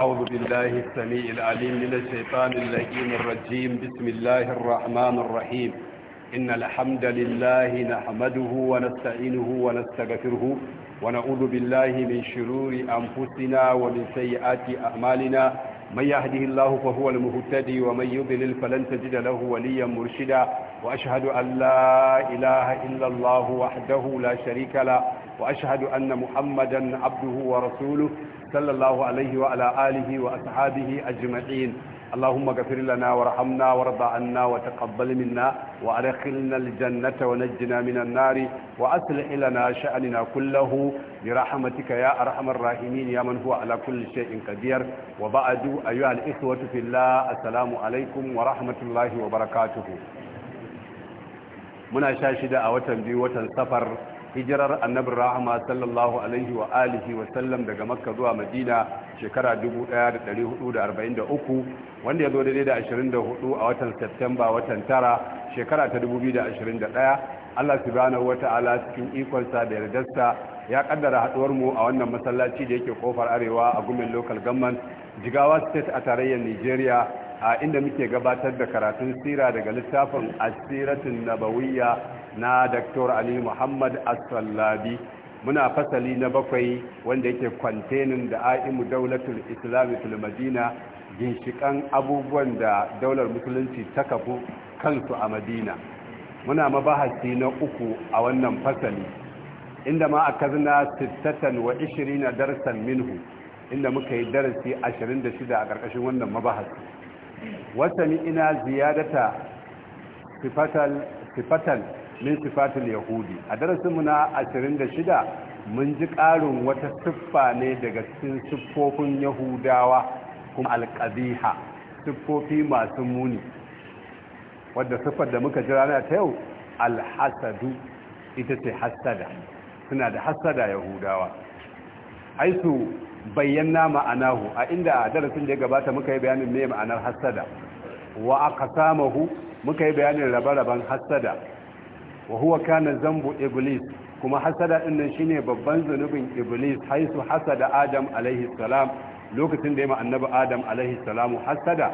أعوذ بالله السميع العليم من الشيطان اللئيم الرجيم بسم الله الرحمن الرحيم إن الحمد لله نحمده ونستعينه ونستغفره ونعوذ بالله من شرور أنفسنا ومن سيئات أعمالنا من يهده الله فهو المهتدي ومن يضلل فلن تجد له وليا مرشدا وأشهد أن لا إله إلا الله وحده لا شريك له وأشهد أن محمدا عبده ورسوله صلى الله عليه وعلى آله وأصحابه أجمعين اللهم اغفر لنا وارحمنا وارض عنا وتقبل منا وادخلنا الجنة ونجنا من النار وأصلح لنا شأننا كله برحمتك يا أرحم الراحمين يا من هو على كل شيء قدير وبعد أيها الإخوة في الله السلام عليكم ورحمة الله وبركاته من أشاشد أوتن بيوتن سفر hijirar annabin rahama sallallahu alaihi wa alihi wa sallam daga makka zuwa madina shekara 1443 wanda ya zo daidai da 24 a watan septemba watan tara shekara ta 2021 allah subhanahu wata'ala cikin ikonsa da yardarsa ya kaddara haduwar mu a wannan masallaci da yake kofar arewa a gumin local government jigawa state a tarayyar nigeria a inda muke gabatar da karatun sira daga littafin asiratun nabawiyya na Dr. Ali Muhammad as muna fasali na bakwai wanda yake kwantenin da aimu daulatul islami madina ginshikan abubuwan da daular musulunci ta kafu kansu a madina muna mabahasi na uku a wannan fasali inda ma akazna 26 darsan minhu inda muka yi darasi shida a ƙarƙashin wannan mabahasi wasani ina ziyadata sifatal min sifatul yahudi a darasinmu na 26 mun ji ƙarin wata siffa ne daga cikin siffofin yahudawa kuma alƙabiha siffofi masu muni wadda siffar da muka jira na ta yau alhasadu ita ce hasada suna da hasada yahudawa haisu bayyana ma'anahu a inda a darasin da ya gabata muka yi bayanin me ma'anar hassada, wa aqsamahu muka yi bayanin rabe-raben hasada wa huwa kana zambu iblis kuma hasada din nan shine babban zunubin iblis haisu hasada adam alaihi salam lokacin da ya annabi adam alaihi salam hasada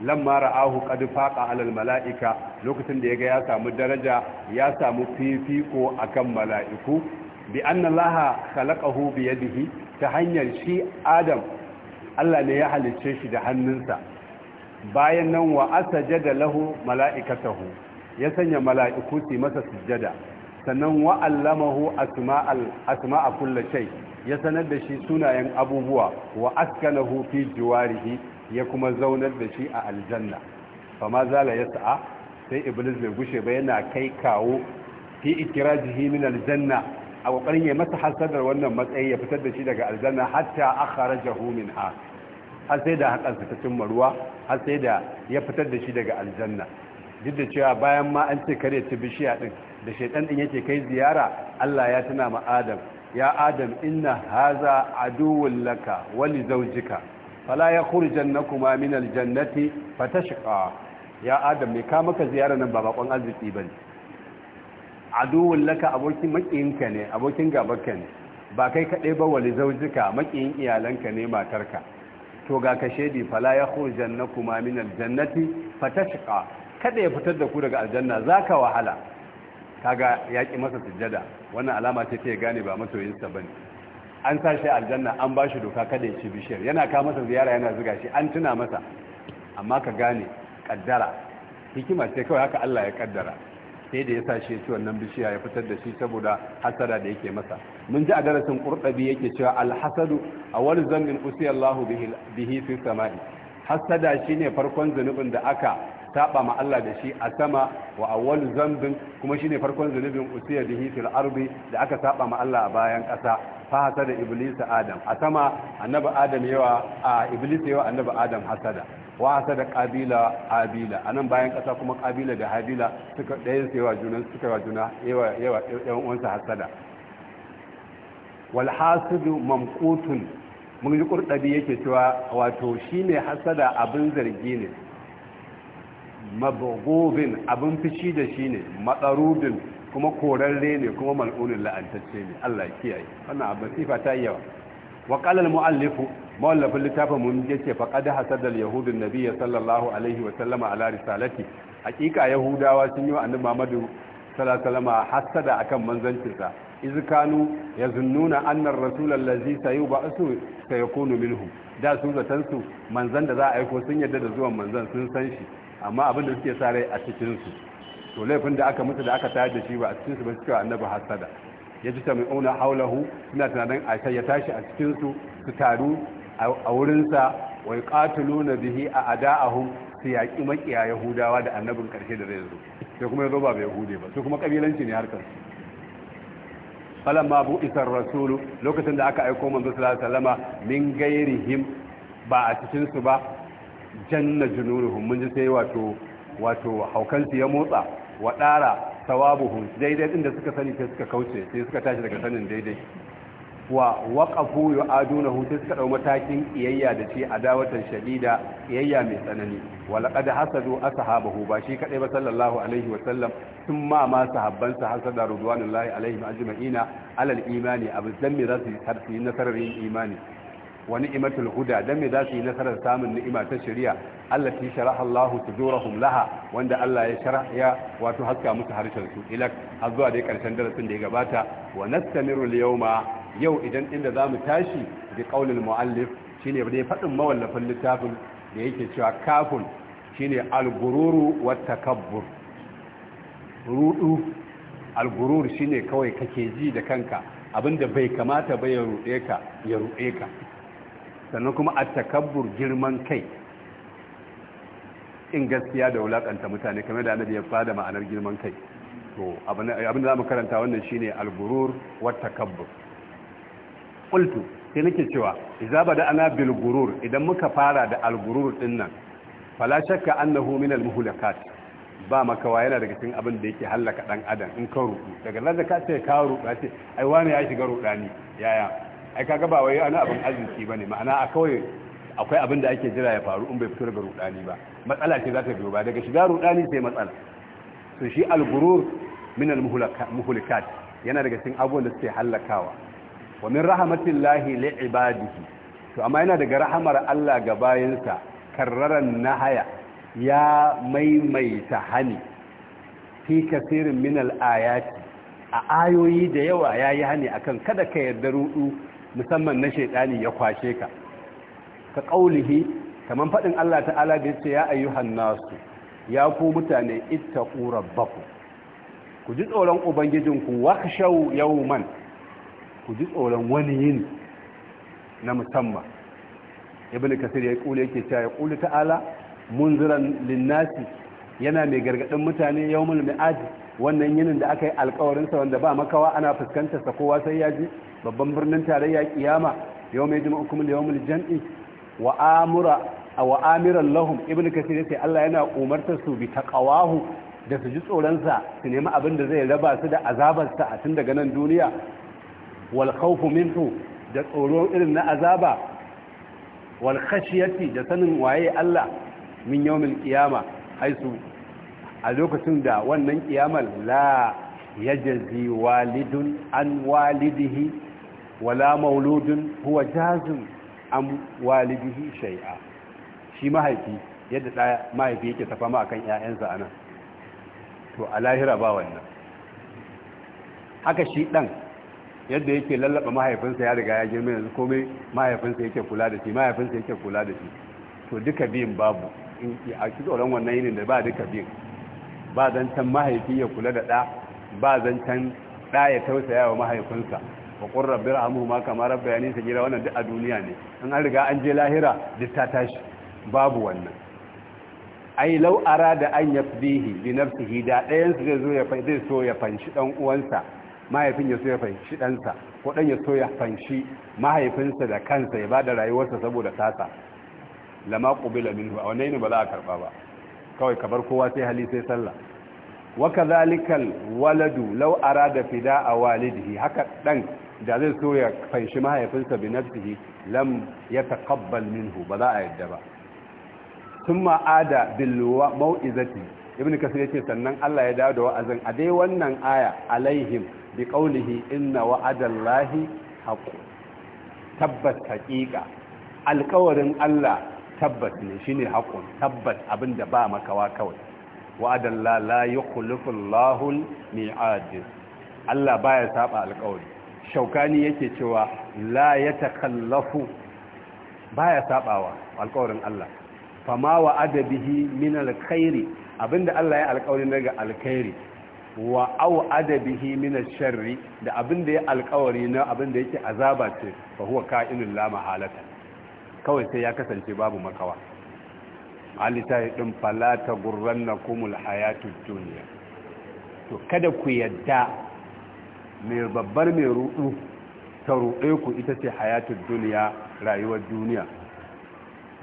lamma ra'ahu qad faqa alal mala'ika lokacin da yaga ya samu daraja ya samu fifiko akan mala'iku bi anna allaha khalaqahu bi yadihi ta hanyar shi adam Allah ne ya halicce shi da hannunsa bayan nan wa asajada lahu mala'ikatahu ya sanya mala'iku su masa sujjada sannan wa'allamahu asma'a kulla shay ya sanar da shi sunayen abubuwa wa askanahu fi jiwarihi ya kuma zaunar da shi a aljanna fa ma zala yas'a sai iblis bai gushe ba yana kai kawo fi ikirajihi min aljanna a kokarin ya masa hasadar wannan matsayi ya fitar da shi daga aljanna hatta akharajahu minha har sai da hakan ta cimma ruwa har sai da ya fitar da shi daga aljanna duk da cewa bayan ma an ce kare ci bishiya din da shaitan din yake kai ziyara Allah ya tuna ma Adam ya Adam inna haza aduwwun laka wa li zawjika fala yakhrujannakuma min aljannati fatashqa ya Adam me ka maka ziyara nan ba bakon arziki bane aduwwun laka abokin makiyinka ne abokin gabanka ne ba kai kade ba wa li zawjika makiyin iyalanka ne matarka to ga kashe di fala yakhrujannakuma min aljannati fatashqa kada ya fitar da ku daga aljanna zaka wahala kaga yaki masa sujjada wannan alama ce ta ya gane ba masoyinsa ne. an sa shi aljanna an ba shi doka kada ya ci bishiyar yana ka masa ziyara yana ziga shi an tuna masa amma ka gane kaddara hikima ce kawai haka Allah ya kaddara sai da ya sa shi ya ci wannan bishiya ya fitar da shi saboda hasada da yake masa mun ji a darasin qurtabi yake cewa alhasadu awwal zambin usiyallahu Allahu bihi fi samai hasada shine farkon zanubin da aka taba ma Allah da shi a sama wa awwalu zambin kuma shine farkon zunubin usiya bihi fil ardi da aka taba ma Allah a bayan ƙasa fa hasada iblis adam a sama annabi adam yawa a iblis yawa annabi adam hasada wa hasada qabila abila anan bayan ƙasa kuma qabila da habila suka dayan yawa junan suka yawa juna yawa yawa yawan wansa hasada wal hasidu mamqutun mun yi kurdabi yake cewa wato shine hasada abin zargi ne mabogobin abin fishi da shi ne matsarubin kuma korarre ne kuma mal'unin la'antacce ne Allah kiyaye wannan abin sifa ta yawa wa muallifu mawallafin littafin mun ce faƙa da hasadar yahudun nabi ya sallallahu alaihi wa sallama ala risalati hakika yahudawa sun yi wa annabi Muhammadu sallallahu alaihi hasada akan manzancinsa iz kanu yazunnuna anna ar-rasul allazi sayub'asu sayakunu minhum da su zatan su manzan da za a aiko sun yarda da zuwan manzan sun san shi amma abin da suke sa rai a cikinsu su to laifin da aka mutu da aka tayar da shi ba a cikin ba su cewa annabi hasada ya ji auna haulahu suna tunanin a ya tashi a cikin su taru a wurinsa wai na bihi a ada'ahum su yaƙi makiya yahudawa da annabin ƙarshe da zai zo sai kuma yazo ba bai yahude ba sai kuma kabilanci ne harkar su ma bu isar rasulu lokacin da aka aiko manzo sallallahu alaihi wasallama min gairihim ba a cikin ba janna junuruhum mun ji sai wato wato haukansu ya motsa wa ɗara sawabuhum daidai inda suka sani sai suka kauce sai suka tashi daga sanin daidai wa waqafu yu'adunahu sai suka dau matakin iyayya da shi adawatan shadida iyayya mai tsanani wa laqad hasadu ashabahu ba shi kadai ba sallallahu alaihi wa sallam thumma ma sahabban sa hasada ridwanullahi alaihim ajma'ina alal imani abu zammi rasi harfi nasarar imani wa ni'matul huda dan me za su yi nasarar samun ni'ima ta shari'a allati sharaha Allah sudurahum laha wanda Allah ya sharaha ya wato haska musu harshen su ilak har zuwa dai karshen darasin da ya gabata wa nastamiru al-yawma yau idan inda zamu tashi bi qaulil muallif shine dai fadin mawallafin littafin da yake cewa kafun shine al-gururu wat takabbur rudu al-gurur shine kawai kake ji da kanka abinda bai kamata ba ya ka ya ruɗe ka sannan kuma a takabbur girman kai in gaskiya da wulakanta mutane kamar da annabi ya fada ma'anar girman kai to abin da za mu karanta wannan shi ne alburur wa takabbur ƙultu sai nake cewa ba da ana bilgurur idan muka fara da alburur ɗin nan fala shakka annahu min al ba makawa yana daga cikin abin da yake hallaka dan adam in ka ruku daga nan sai ka ce ba ce ai wani ya shiga rudani yaya ai kaga ba wai ana abin arziki bane ma'ana a kawai akwai abin da ake jira ya faru in bai fito daga rudani ba matsala ce za ta biyo ba daga shiga rudani sai matsala to shi al-gurur min al-muhlikat yana daga cikin abubuwan da suke halakawa wa min rahmatillahi li to amma yana daga rahamar Allah ga bayinsa karraran nahaya ya maimaita hani fi kasirin min al-ayati a ayoyi da yawa yayi hani akan kada ka yarda rudu musamman na shaidani ya kwashe ka ka kaulihi, kamar faɗin Allah ta'ala da yace ya ayyuhan nasu ya ku mutane ittaqu rabbakum ku ji tsoron ubangijinku wakhshaw yawman ku ji tsoron wani yin na musamman ibn kasir ya kula yake cewa ya kula ta'ala munziran linnasi yana mai gargadin mutane yawmul mi'ad wannan yinin da aka yi alkawarinsa wanda ba makawa ana fuskantar sa kowa sai ya ji babban birnin tarayya kiyama yau mai jima hukumul yau mul jam'i wa amura wa amiran lahum ibnu kasir sai Allah yana umartar su bi taqawahu da su ji tsoron sa su nemi abin da zai raba su da azabar sa a tun daga nan duniya wal khawfu minhu da tsoro irin na azaba wal khashiyati da sanin waye Allah min yawmil qiyama haisu a lokacin da wannan kiyamar la jazi walidun an walidihi wala mauludun huwa jazun an walidihi shai'a shi mahaifi yadda da mahaifi yake tafa ma akan ƴaƴansa anan to a lahira ba wannan haka shi ɗan yadda yake lallaba mahaifinsa ya riga ya girma yanzu komai mahaifinsa yake kula da shi mahaifinsa yake kula da shi to duka biyun babu in a kitsoron wannan yinin da ba duka biyun ba zancen mahaifi ya kula da ɗa ba zancen ɗa ya tausaya wa mahaifinsa wa qur rabbi ma kama rabbayani gira wannan duk a duniya ne an an riga an je lahira duk ta tashi babu wannan ai ara da an ya bi nafsihi da ɗayan su zai zo ya zai so ya fanshi ɗan uwansa mahaifin ya so ya fanshi ɗansa ko ɗan ya so ya fanshi mahaifinsa da kansa ya ba da rayuwarsa saboda tasa lama qubila minhu a wannan ba za a karɓa ba kawai bar kowa sai hali sai sallah wa kadhalikal waladu law arada fida'a walidihi haka dan da zai so ya fanshi mahaifinsa bi nafsihi lam yataqabbal minhu ba za a yadda ba thumma ada bil mau'izati Ibn kasir yace sannan Allah ya dawo da wa'azin a dai wannan aya alaihim bi qawlihi inna wa'adallahi haqq tabbas haqiqa alƙawarin Allah tabbas ne shine haƙun tabbat abin da ba makawa kawai wa'adan la la yukhlifu Allahu mi'ad Allah baya saba alƙawari shaukani yake cewa la ya yatakallafu baya sabawa alƙawarin Allah fama wa adabihi min alkhairi abinda Allah ya na daga alkhairi wa au adabihi min alsharri da abinda ya alƙawari na abinda yake azaba ce fa huwa ka'inul la mahalata kawai sai ya kasance babu makawa alita ɗin falata kumul hayatu duniya to kada ku yadda mai babbar mai rudu ta ruɗe ku ita ce hayatu duniya rayuwar duniya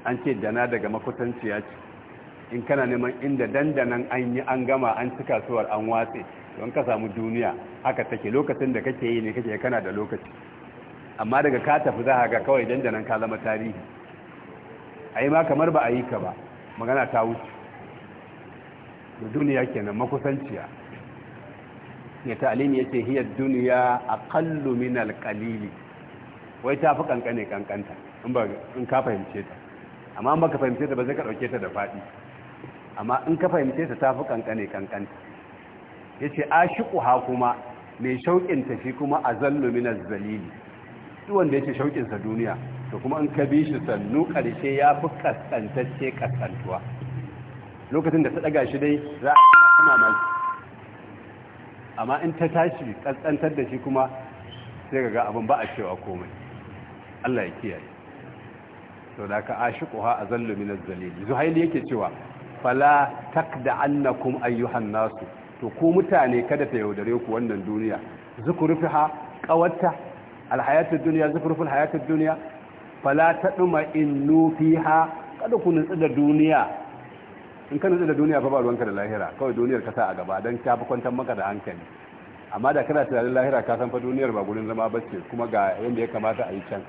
an ce dana daga makusanciya ce in kana neman inda dandanan an yi an gama an ci kasuwar an watse don ka samu duniya haka take lokacin da kake yi ne kake kana da lokaci amma daga ka tafi za ga kawai dandanan ka zama tarihi a yi ma kamar ba a yi ka ba magana ta wuce da duniya kenan makusanciya ya ta'alimi ya ce hiyar duniya a kallu min alkalili wai ta fi kankane kankanta in ka fahimce ta amma in baka fahimce ta ba zai ka ɗauke ta da faɗi amma in ka fahimce ta ta fi kankane kankanta ya ce a ha kuma mai ta shi kuma a zallu min zalili duk wanda yake shauƙin sa duniya to kuma an ka bi shi sannu ƙarshe ya fi kaskantacce kaskantuwa lokacin da ta ɗaga shi dai za a mai amma in ta tashi kaskantar da shi kuma sai ga abin ba a cewa komai Allah ya kiyaye to da ka ashiquha azallu min az-zalil zuhaili yake cewa fala annakum ayyuhan nasu to ku mutane kada ta yaudare ku wannan duniya zukurfiha qawatta alhayatul duniya zufurful hayatul duniya fala taduma innu fiha kada ku nutsu da duniya in ka nutsu da duniya fa ba ruwanka da lahira kawai duniyar ka sa a gaba dan ta fi kwantar maka da hankali amma da kana tunanin lahira ka san fa duniyar ba gurin zama bace kuma ga yanda ya kamata a yi can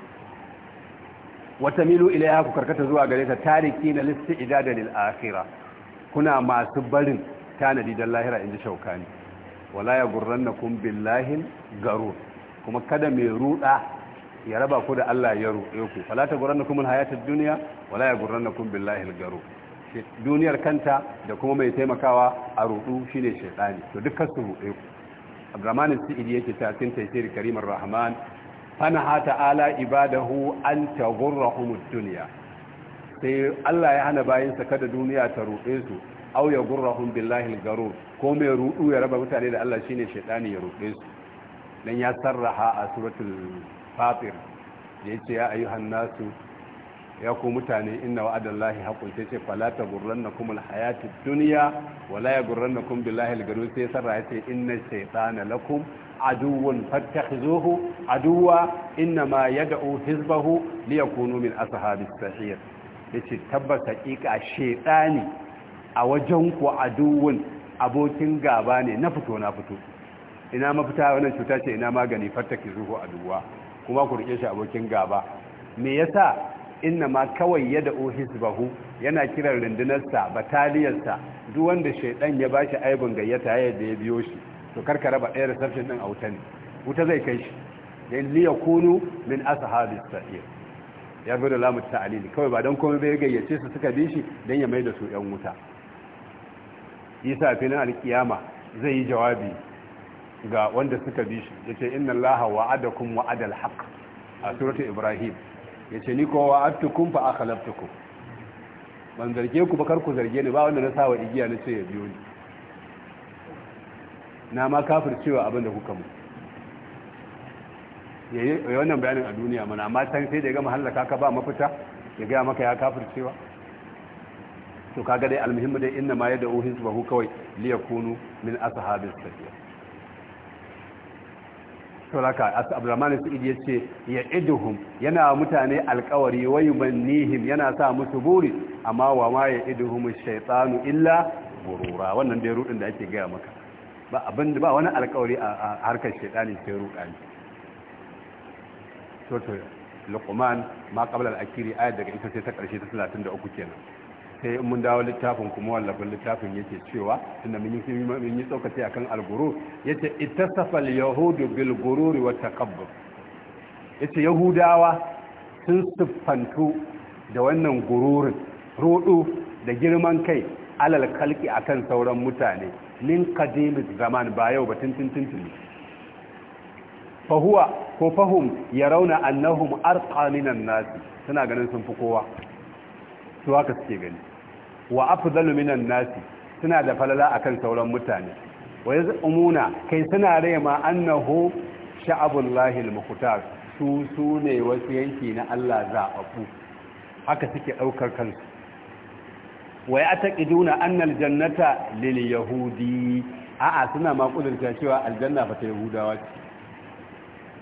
wata milu ilaiha ku karkata zuwa gare ta tariki na listi da lil akhirah kuna masu barin tanadi dan lahira in ji shaukani wala ya gurrannakum billahi garur kuma kada mai ruda ya raba ku da Allah ya roƙe ku fala ta guranna kumul hayatid dunya wala ya guranna kum billahi al-garu duniyar kanta da kuma mai taimakawa a rudu shine shaytani to dukkan su ruɗe ku Abdurrahman Sidi yake ta cikin tafsir Karimur Rahman ha ta'ala ibadahu an taghurrahum ad-dunya sai Allah ya hana bayinsa kada duniya ta ruɗe su aw ya gurrahum billahi al-garur ko mai rudu ya raba mutane da Allah shine shaytani ya ruɗe su dan ya sarraha a suratul fatir da ce ya ayyuhan hannasu ya ku mutane inna wa'adallahi haƙun sai ce fala taghurrannakum hayati duniya wala kuma billahi garu sai sarraha sai inna shaytana lakum aduwwun fattakhizuhu aduwa inna ma yad'u hizbahu liyakunu min ashabis sahir yace tabbata a wajen ku aduwun abokin gaba ne na fito na fito ina mafita wannan cuta ce ina magani fattaki a duwa kuma ku rike shi abokin gaba me yasa inna ma kawai yada uhisbahu yana kiran rundunarsa bataliyarsa duk wanda shaidan ya bashi aibin gayyata ya da ya biyo shi to karkara raba ɗaya reception din a wuta ne wuta zai kai shi dan liya kunu min ashabi sa'ir ya bi da lamu ta'alili kawai ba dan komai bai gayyace su suka bi shi dan ya mai da su yan wuta isa filin alkiyama zai yi jawabi ga wanda suka bi shi yace inna allaha wa'adakum wa'adal haqq a suratul ibrahim yace ni ko wa'adtukum fa akhlaftukum ban zarge ku ba kar ku zarge ni ba wanda na sawa igiya na ce ya biyo ni na ma kafir cewa abin da kuka mu yayi wannan bayanin a duniya mana amma san sai da ya gama halaka ka ba mafita ya ga maka ya kafir cewa to kaga dai almuhimmi dai inna ma yad'u hisbahu kawai liyakunu min ashabis sadiq sauraka asu Abdulrahman su'id ya ce ya iduhum yana mutane alkawari wai bannihim yana sa musu buri amma wa ma ya iduhum shaytanu illa gurura wannan dai rudin da ake gaya maka ba abin ba wani alkawari a harkar shaytani sai rudani to to luqman ma qabla al-akiri ayat daga ita sai ta karshe ta 33 kenan sai mun dawo littafin kuma wallafin littafin yake cewa tunda mun yi mun yi tsokaci akan al-gurur yace ittasafa yahudu bil gururi wa takabbur yace yahudawa sun siffantu da wannan gururin rudu da girman kai alal kalki akan sauran mutane min zaman ba yau ba tuntuntun fahuwa ko fahum ya rauna annahum arqa minan nasi suna ganin sun fi kowa su haka suke gani wa afdalu minan nasi suna da falala akan sauran mutane wa yaz'umuna kai suna rema annahu sha'abullahi al-mukhtar su su ne wasu yanki na Allah zaɓaɓɓu haka suke ɗaukar kansu wa ya taƙiduna annal jannata lil yahudi a'a suna ma cewa aljanna fa ta yahudawa ce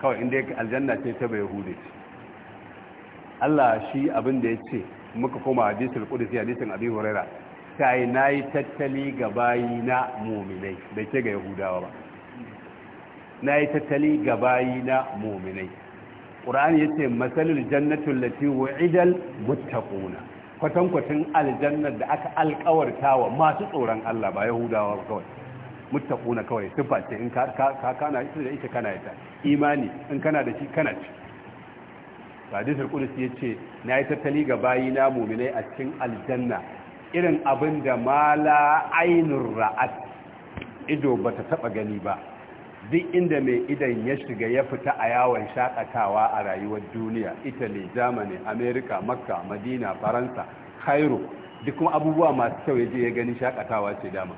kawai inda aljanna ce ta bai yahudai ce Allah shi abin da ya ce muka koma hadisul qudsi hadisin abi huraira sai nayi tattali ga bayina mu'minai bai ce ga yahudawa ba nayi tattali ga bayina mu'minai qur'ani yace masalul jannatul lati wu'idal muttaquna kwatankwatin aljannar da aka alkawartawa masu tsoron Allah ba yahudawa ba kawai muttaquna kawai sifa ce in ka kana ita da ita kana ita imani in kana da shi kana ci hadisul qudsi yace na yi tattali ga bayi na mu'minai a cikin aljanna irin abin da mala ainur ra'at ido bata taba gani ba duk inda mai idan ya shiga ya fita a yawon shakatawa a rayuwar duniya italy germany america makka madina faransa cairo duk kuma abubuwa masu kyau ya je ya gani shakatawa ce dama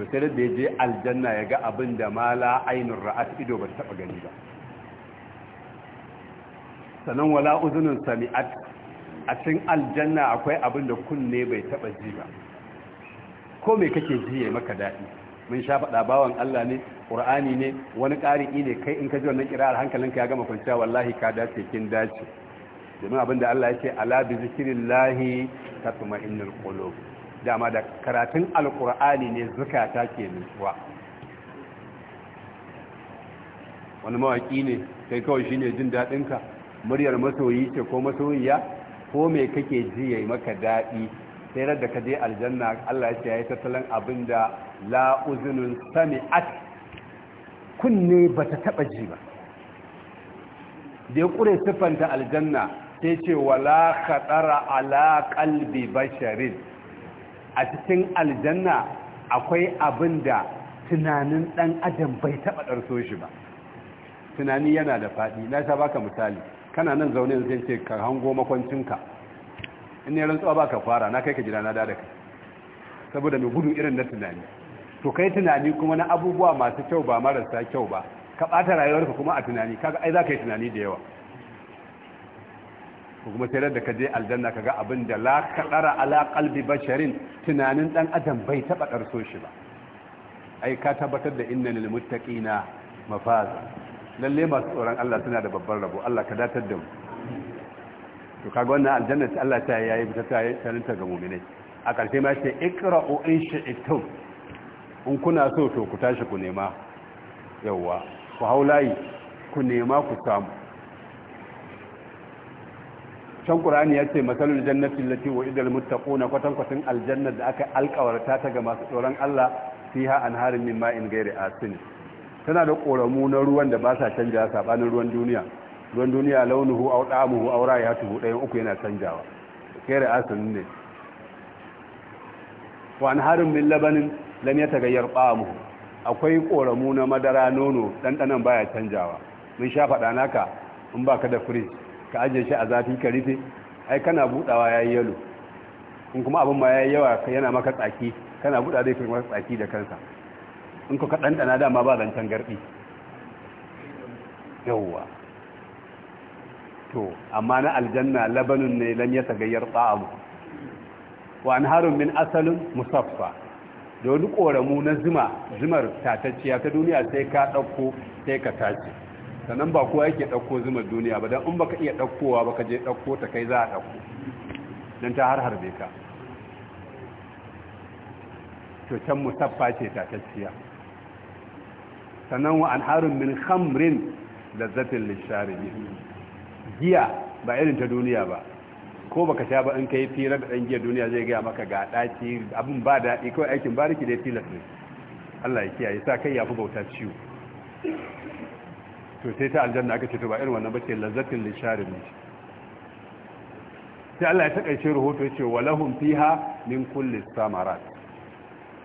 to sai da ya je aljanna ya ga abin da mala ainur ra'at ido bata taba gani ba sannan wala uzunin sami'at a cikin aljanna akwai abin da kunne bai taba ji ba ko me kake ji ya maka daɗi mun sha faɗa bawan Allah ne Qur'ani ne wani ƙari'i ne kai in ka ji wannan kirar hankalinka ya gama kwanciya wallahi ka dace kin dace domin abin da Allah ya ce ala bi zikrillahi tatma'innul qulub dama da karatun alqur'ani ne zukata ke nutsuwa wani mawaki ne kai kawai shine jin daɗinka muryar masoyi ce ko masoyiya ko me kake ji yayi maka daɗi sai da ka je aljanna Allah ya ce yayi tattalin abinda la uzunun sami'at kunne ba ta taba ji ba da ya kure siffanta aljanna sai ce wala khatara ala qalbi basharin a cikin aljanna akwai abin da tunanin dan adam bai taba darso shi ba tunani yana da faɗi, na sha baka misali kana nan zaune zai ce ka hango makwancinka in ne rantsuwa ba ka fara na kai ka gida na da kai saboda mai gudu irin na tunani to kai tunani kuma na abubuwa masu kyau ba marasa kyau ba ka ɓata rayuwarka kuma a tunani kaga ai za ka yi tunani da yawa ko kuma sai da ka je aljanna ka ga abin da la kadara ala qalbi basharin tunanin dan adam bai taba karso shi ba ai ka tabbatar da innal muttaqina mafaza lalle masu tsoron Allah suna da babban rabo Allah ka datar da mu to kaga wannan aljanna ta Allah ta yayi ta ta yi tarinta ga mu'minai a karshe ma sai iqra'u in shi'tum in kuna so to ku tashi ku nema yawwa ku haulayi ku nema ku samu can qur'ani ya ce masalul jannati allati wa'ida al-muttaquna kwatan kwatan aljanna da aka alƙawarta ta ga masu tsoron Allah fiha anharun min ma'in ghairi asin tana da ƙoramu na ruwan da ba sa canjawa saɓanin ruwan duniya ruwan duniya launuhu au ɗamuhu au tuhu ɗayan uku yana canjawa kere asin ne wa an harin min labanin lam ya tagayyar mu akwai ƙoramu na madara nono ɗanɗanan baya canjawa mun sha faɗa naka in ka da firij ka ajiye shi a zafi ka rufe ai kana buɗawa ya yi yalo in kuma abin ma ya yi yawa yana maka tsaki kana buɗa zai fi maka tsaki da kansa in ku kaɗan ɗana dama ba zancen garɗi yawwa to amma na aljanna labanin ne lan ya tagayyar ta'amu wa an harun min asalin musaffa da wani ƙoramu na zuma zumar tatacciya ta duniya sai ka ɗauko sai ka tace sannan ba kowa yake ɗauko zumar duniya ba don in baka iya ɗaukowa baka je ɗauko ta kai za a ɗauko don ta har harbe ka to can musaffa ce tatacciya sannan wa anharun min khamrin lazzatin lisharibin giya ba irin ta duniya ba ko baka sha ba in kai fira da dan giya duniya zai gaya maka ga daci abin ba daɗi kawai aikin bariki da tilas ne Allah ya kiyaye sa kai ya fi bauta ciwo to sai ta aljanna aka ce to ba irin wannan bace lazzatin ne. sai Allah ya takaice rahoto ya ce walahum fiha min kulli samarat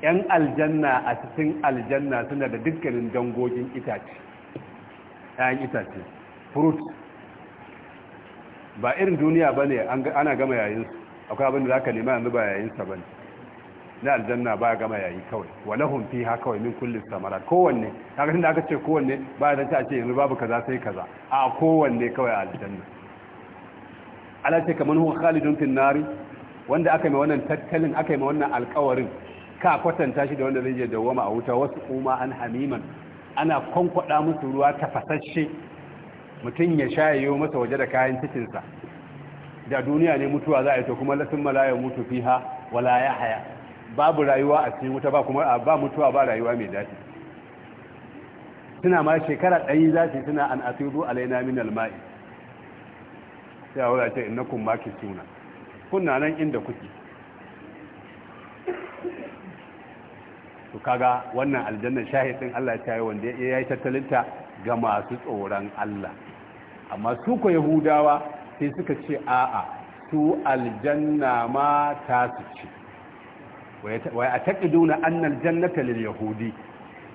'yan aljanna a cikin aljanna suna da dukkanin dangogin itace ‘ya'yan itace fruit ba irin duniya ba ne ana gama yayinsu akwai abin da za ka nema yanzu ba yayinsa ba ne na aljanna ba gama yayi kawai walahun hunfi ha kawai min kullum samara kowanne haka da aka ce kowanne ba da ta ce yanzu babu kaza sai kaza a kowanne kawai a aljanna ala ce kamar huwa khalidun fin wanda aka yi wannan tattalin aka yi wannan alkawarin ka kwatanta shi da wanda zai je dawwama a wuta wasu kuma an hamiman ana kwankwada musu ruwa tafasasshe mutum ya shayayo masa waje da kayan cikinsa da duniya ne mutuwa za a yi to kuma lasin malaya mutu fiha wala ya haya babu rayuwa a cikin wuta ba kuma ba mutuwa ba rayuwa mai daɗi suna ma shekara ɗari za su suna an asiru alaina min alma'i sai a wura ce innakum makisuna kunna nan inda kuke to kaga wannan aljannar shahidin Allah ta yi wanda ya yi tattalinta ga masu tsoron Allah amma su ko yahudawa sai suka ce a'a su aljanna ma ta su ce wai a taƙiduna annal jannata lil yahudi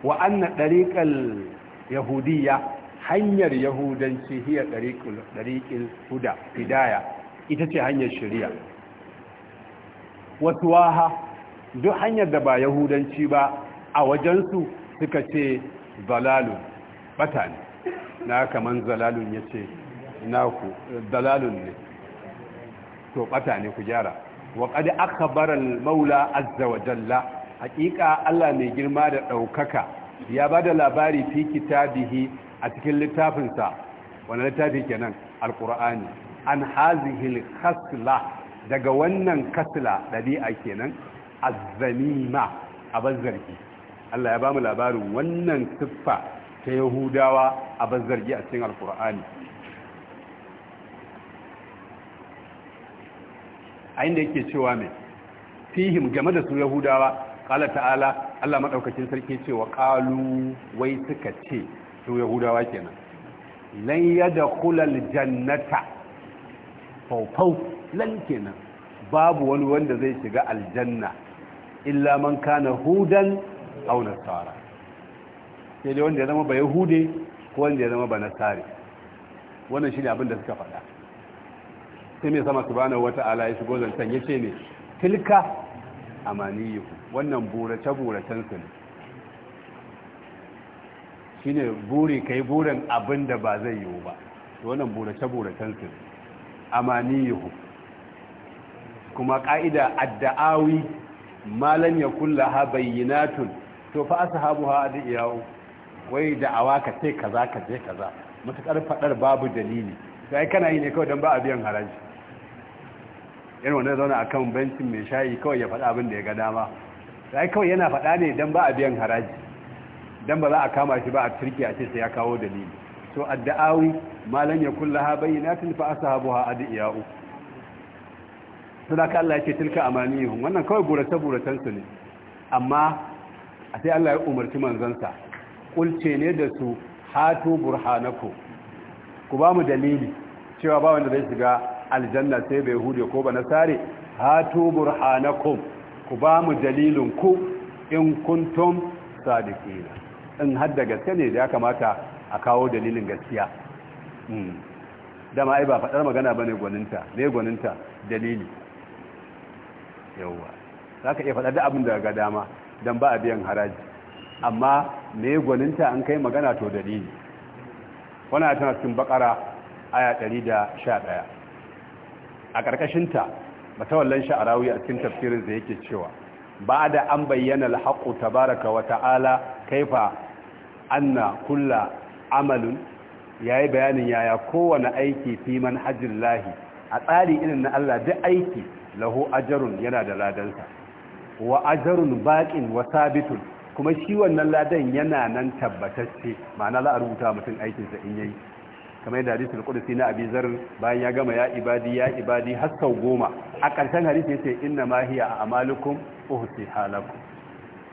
wa anna ɗariƙar yahudiya hanyar yahudanci hiya ɗariƙin huda hidaya ita ce hanyar shari'a waha. duk hanyar da ba yahudanci ba a wajensu suka ce zalalun bata ne na kaman zalalun ya ce naku zalalun ne to bata ne ku gyara wa aka baran maula azza wa jalla Allah mai girma da ɗaukaka ya ba da labari fi kitabihi a cikin littafinsa wannan littafi kenan alqur'ani an hazihi al-khasla daga wannan kasla dabi'a kenan azzamima abin zargi Allah ya ba mu labarin wannan siffa ta yahudawa abin zargi a cikin alkur'ani a inda yake cewa mai fihim game da su yahudawa kala ta'ala Allah maɗaukacin sarki cewa ƙalu wai suka ce su yahudawa kenan lan yada kulal jannata faufau lan kenan babu wani wanda zai shiga aljanna illa man kana hudan aw nasara sai dai wanda ya zama ba yahude ko wanda ya zama ba nasare wannan shine abin da suka faɗa sai mai sama subhanahu wata'ala ya shigo zantan yace ne tilka amaniyu wannan burace buracen su ne shine buri kai burin abin da ba zai yiwu ba wannan burace buracen su amaniyu kuma ka'ida adda'awi malam ya kulla ha bayyinatun to fa ashabuha adiyahu wai da ka sai kaza ka je kaza mutakar fadar babu dalili sai kana yi ne kawai dan ba a biyan haraji irin wannan zauna akan bencin mai shayi kawai ya faɗa abin da ya ga dama sai kawai yana faɗa ne dan ba a biyan haraji dan ba za a kama shi ba a turki a ce sai ya kawo dalili to adda'awi malam ya kullaha bayyinatun fa ashabuha adiyahu ka Allah ya ce tilka amaniyuhum wannan kawai burace buracen su ne amma a sai Allah ya umarci manzansa kulce ne da su hatu burhanako ku ba mu dalili cewa ba wanda zai shiga aljanna sai bai hude ko ba nasare hatu burhanako ku ba mu dalilin ku in kuntum sadiqina in har da gaske ne da ya kamata a kawo dalilin gaskiya hmm dama ai ba faɗar magana ne gwaninta ne gwaninta dalili yawwa za ka iya faɗa da abin da ga dama don ba a biyan haraji amma me gwaninta an kai magana to da dalili wana tana cikin bakara aya 111 a ƙarƙashinta matawallan sha'arawi a cikin tafsirin da yake cewa ba da an bayyana alhaƙo baraka wa ta'ala kaifa anna kulla amalin yi bayanin yaya kowane aiki fi manhajin lahi a tsari irin na Allah duk aiki lahu ajarun yana da ladansa wa ajarun baƙin wa sabitun kuma shi wannan ladan yana nan tabbatacce ma'ana za a rubuta mutum aikinsa in yayi kamar yadda hadisul qudsi na abi zar bayan ya gama ya ibadi ya ibadi har sau goma a ƙarshen hadisi yace inna ma hiya a'malukum uhsi lakum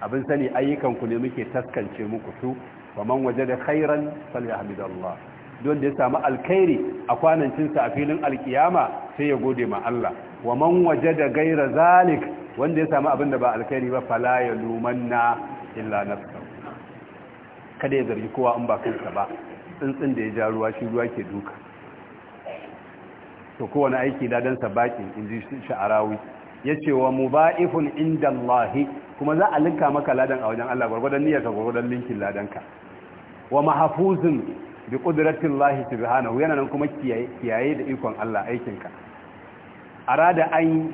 abin sani ayyukan ku ne muke taskance muku su wa man wajada khairan falyahmidallah don da ya samu alkhairi a kwanancinsa a filin alkiyama sai ya gode ma Allah wa man wajada gaira zalik wanda ya samu abin da ba alkhairi ba fala ya lumanna illa nafsa kada ya zargi kowa in ba kansa ba tsuntsun da ya ja ruwa shi ruwa ke duka to kowane aiki ladansa baki in ji sha'arawi ya ce wa muba'ifun inda Allahi kuma za a linka maka ladan a wajen Allah gwargwadon ka gwargwadon linkin ladanka wa mahafuzun bi qudratin Allah subhanahu yana nan kuma kiyaye da ikon Allah aikinka arada an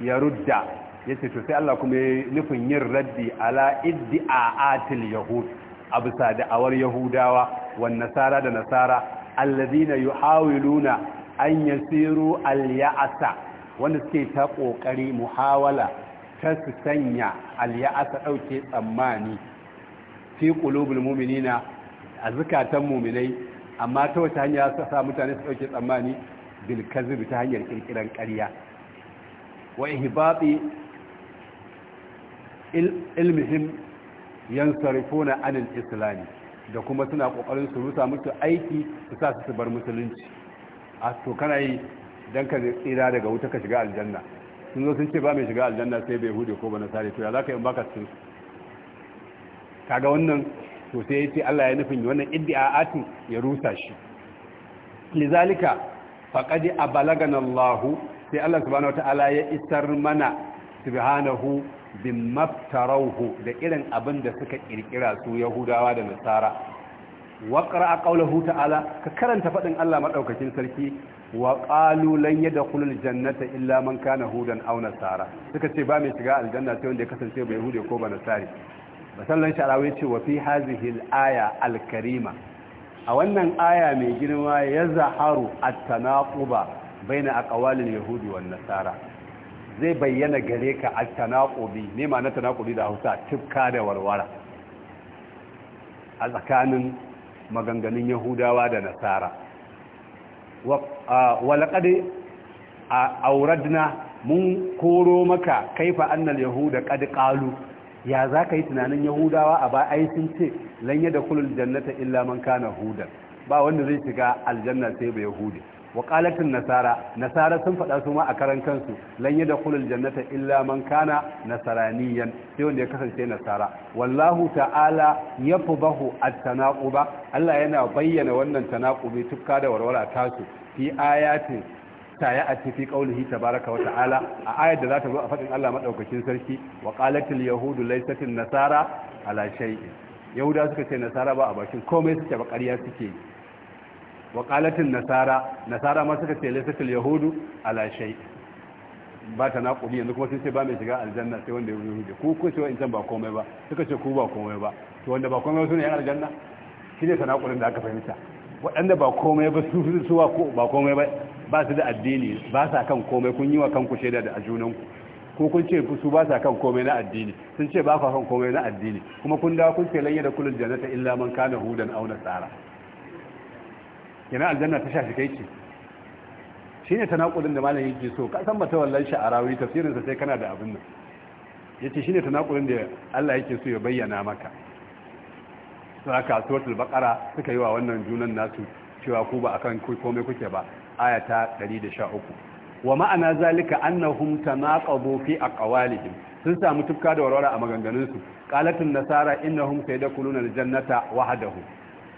ya rudda ya ce sai Allah kuma ya nufin yin raddi ala iddi'aatil yahud a bisa awar yahudawa wan nasara da nasara alladhina yuhawiluna an yasiru al-ya'sa wanda suke ta kokari muhawala ta su sanya al-ya'sa dauke tsammani fi qulubul mu'minina a zukatan mu'minai amma ta wata hanya sa mutane su dauke tsammani bil ta hanyar ƙirƙiran ƙarya wa ihbati ilmihim na anil islami da kuma suna ƙoƙarin su rusa mutu aiki su sa su bar musulunci a to kana yi dan ka tsira daga wuta ka shiga aljanna sun zo sun ce ba mai shiga aljanna sai bai hude ko bana sare to Za ka yi in baka cikin kaga wannan to sai ya ce Allah ya nufin wannan iddia'atin ya rusa shi lizalika faqad abalagana Allahu sai Allah subhanahu wataala ya isar mana subhanahu maftarauhu da irin abin da suka ƙirƙira su Yahudawa da Nasara waƙar qara'a qawluhu ta'ala ka karanta faɗin Allah maɗaukacin sarki wa ƙalulan yadda yadkhulul jannata illa man kana hudan au nasara suka ce ba mai shiga aljanna ta wanda ya kasance ba yahude ko ba nasari masallan sharawi ce wa fi hazihi aya alkarima. a wannan aya mai girma ya zaharu a at bai baina a yahudi wa nasara zai bayyana gare ka a tanaqubi ne ma na tanaqubi da Hausa tukka da warwara a tsakanin maganganun yahudawa da nasara wa a auradna mun koro maka kaifa annal yahuda ƙad'i ƙalu, ya za ka yi tunanin yahudawa a ba sun ce lan kulun jannata illa man kana hudan ba wanda zai shiga aljanna sai bai hudu wa qalatin nasara nasara sun faɗa su ma a karan kansu lan kulun jannata illa man kana nasaraniyan sai wanda ya kasance nasara wallahu ta'ala bahu at-tanaquba Allah yana bayyana wannan tanaqubi tukka da warwara tasu fi ayatin taya a cikin kaulihi tabaraka wa ta'ala a ayar da za ta zo a faɗin Allah madaukakin sarki wa qalatil yahudu laisatin nasara ala shay'in yahuda suka ce nasara ba a bakin komai suke ba ƙarya suke yi waƙalatin nasara nasara ma suka ce laisatul yahudu ala shay ba ta naƙuri yanzu kuma sun ce ba mai shiga aljanna sai wanda ya yahudu ku ku ce wa intan ba komai ba suka ce ku ba komai ba to wanda ba komai su ne yan aljanna shi ne tanaƙurin da aka fahimta waɗanda ba komai ba su su ba komai ba ba su da addini ba sa kan komai kun yi wa kanku shaida da ajunanku ko kun ce su ba sa kan komai na addini sun ce ba kan komai na addini kuma kun dawo kun ce lanye da kulul jannata illa man kana hudan aw nasara kina aljanna ta shafi kai ce ta naƙurin da malam yake so ka san mata wallan sha'arawi tafsirin sa sai kana da abin nan yace ta naƙurin da Allah yake so ya bayyana maka haka suratul baqara suka yi wa wannan junan nasu cewa ku ba akan komai kuke ba aya ta 113 wa ma'ana zalika annahum tanaqabu fi aqwalihim sun samu tukka da warwara a maganganun su qalatun nasara innahum sayadkhuluna aljannata wahdahu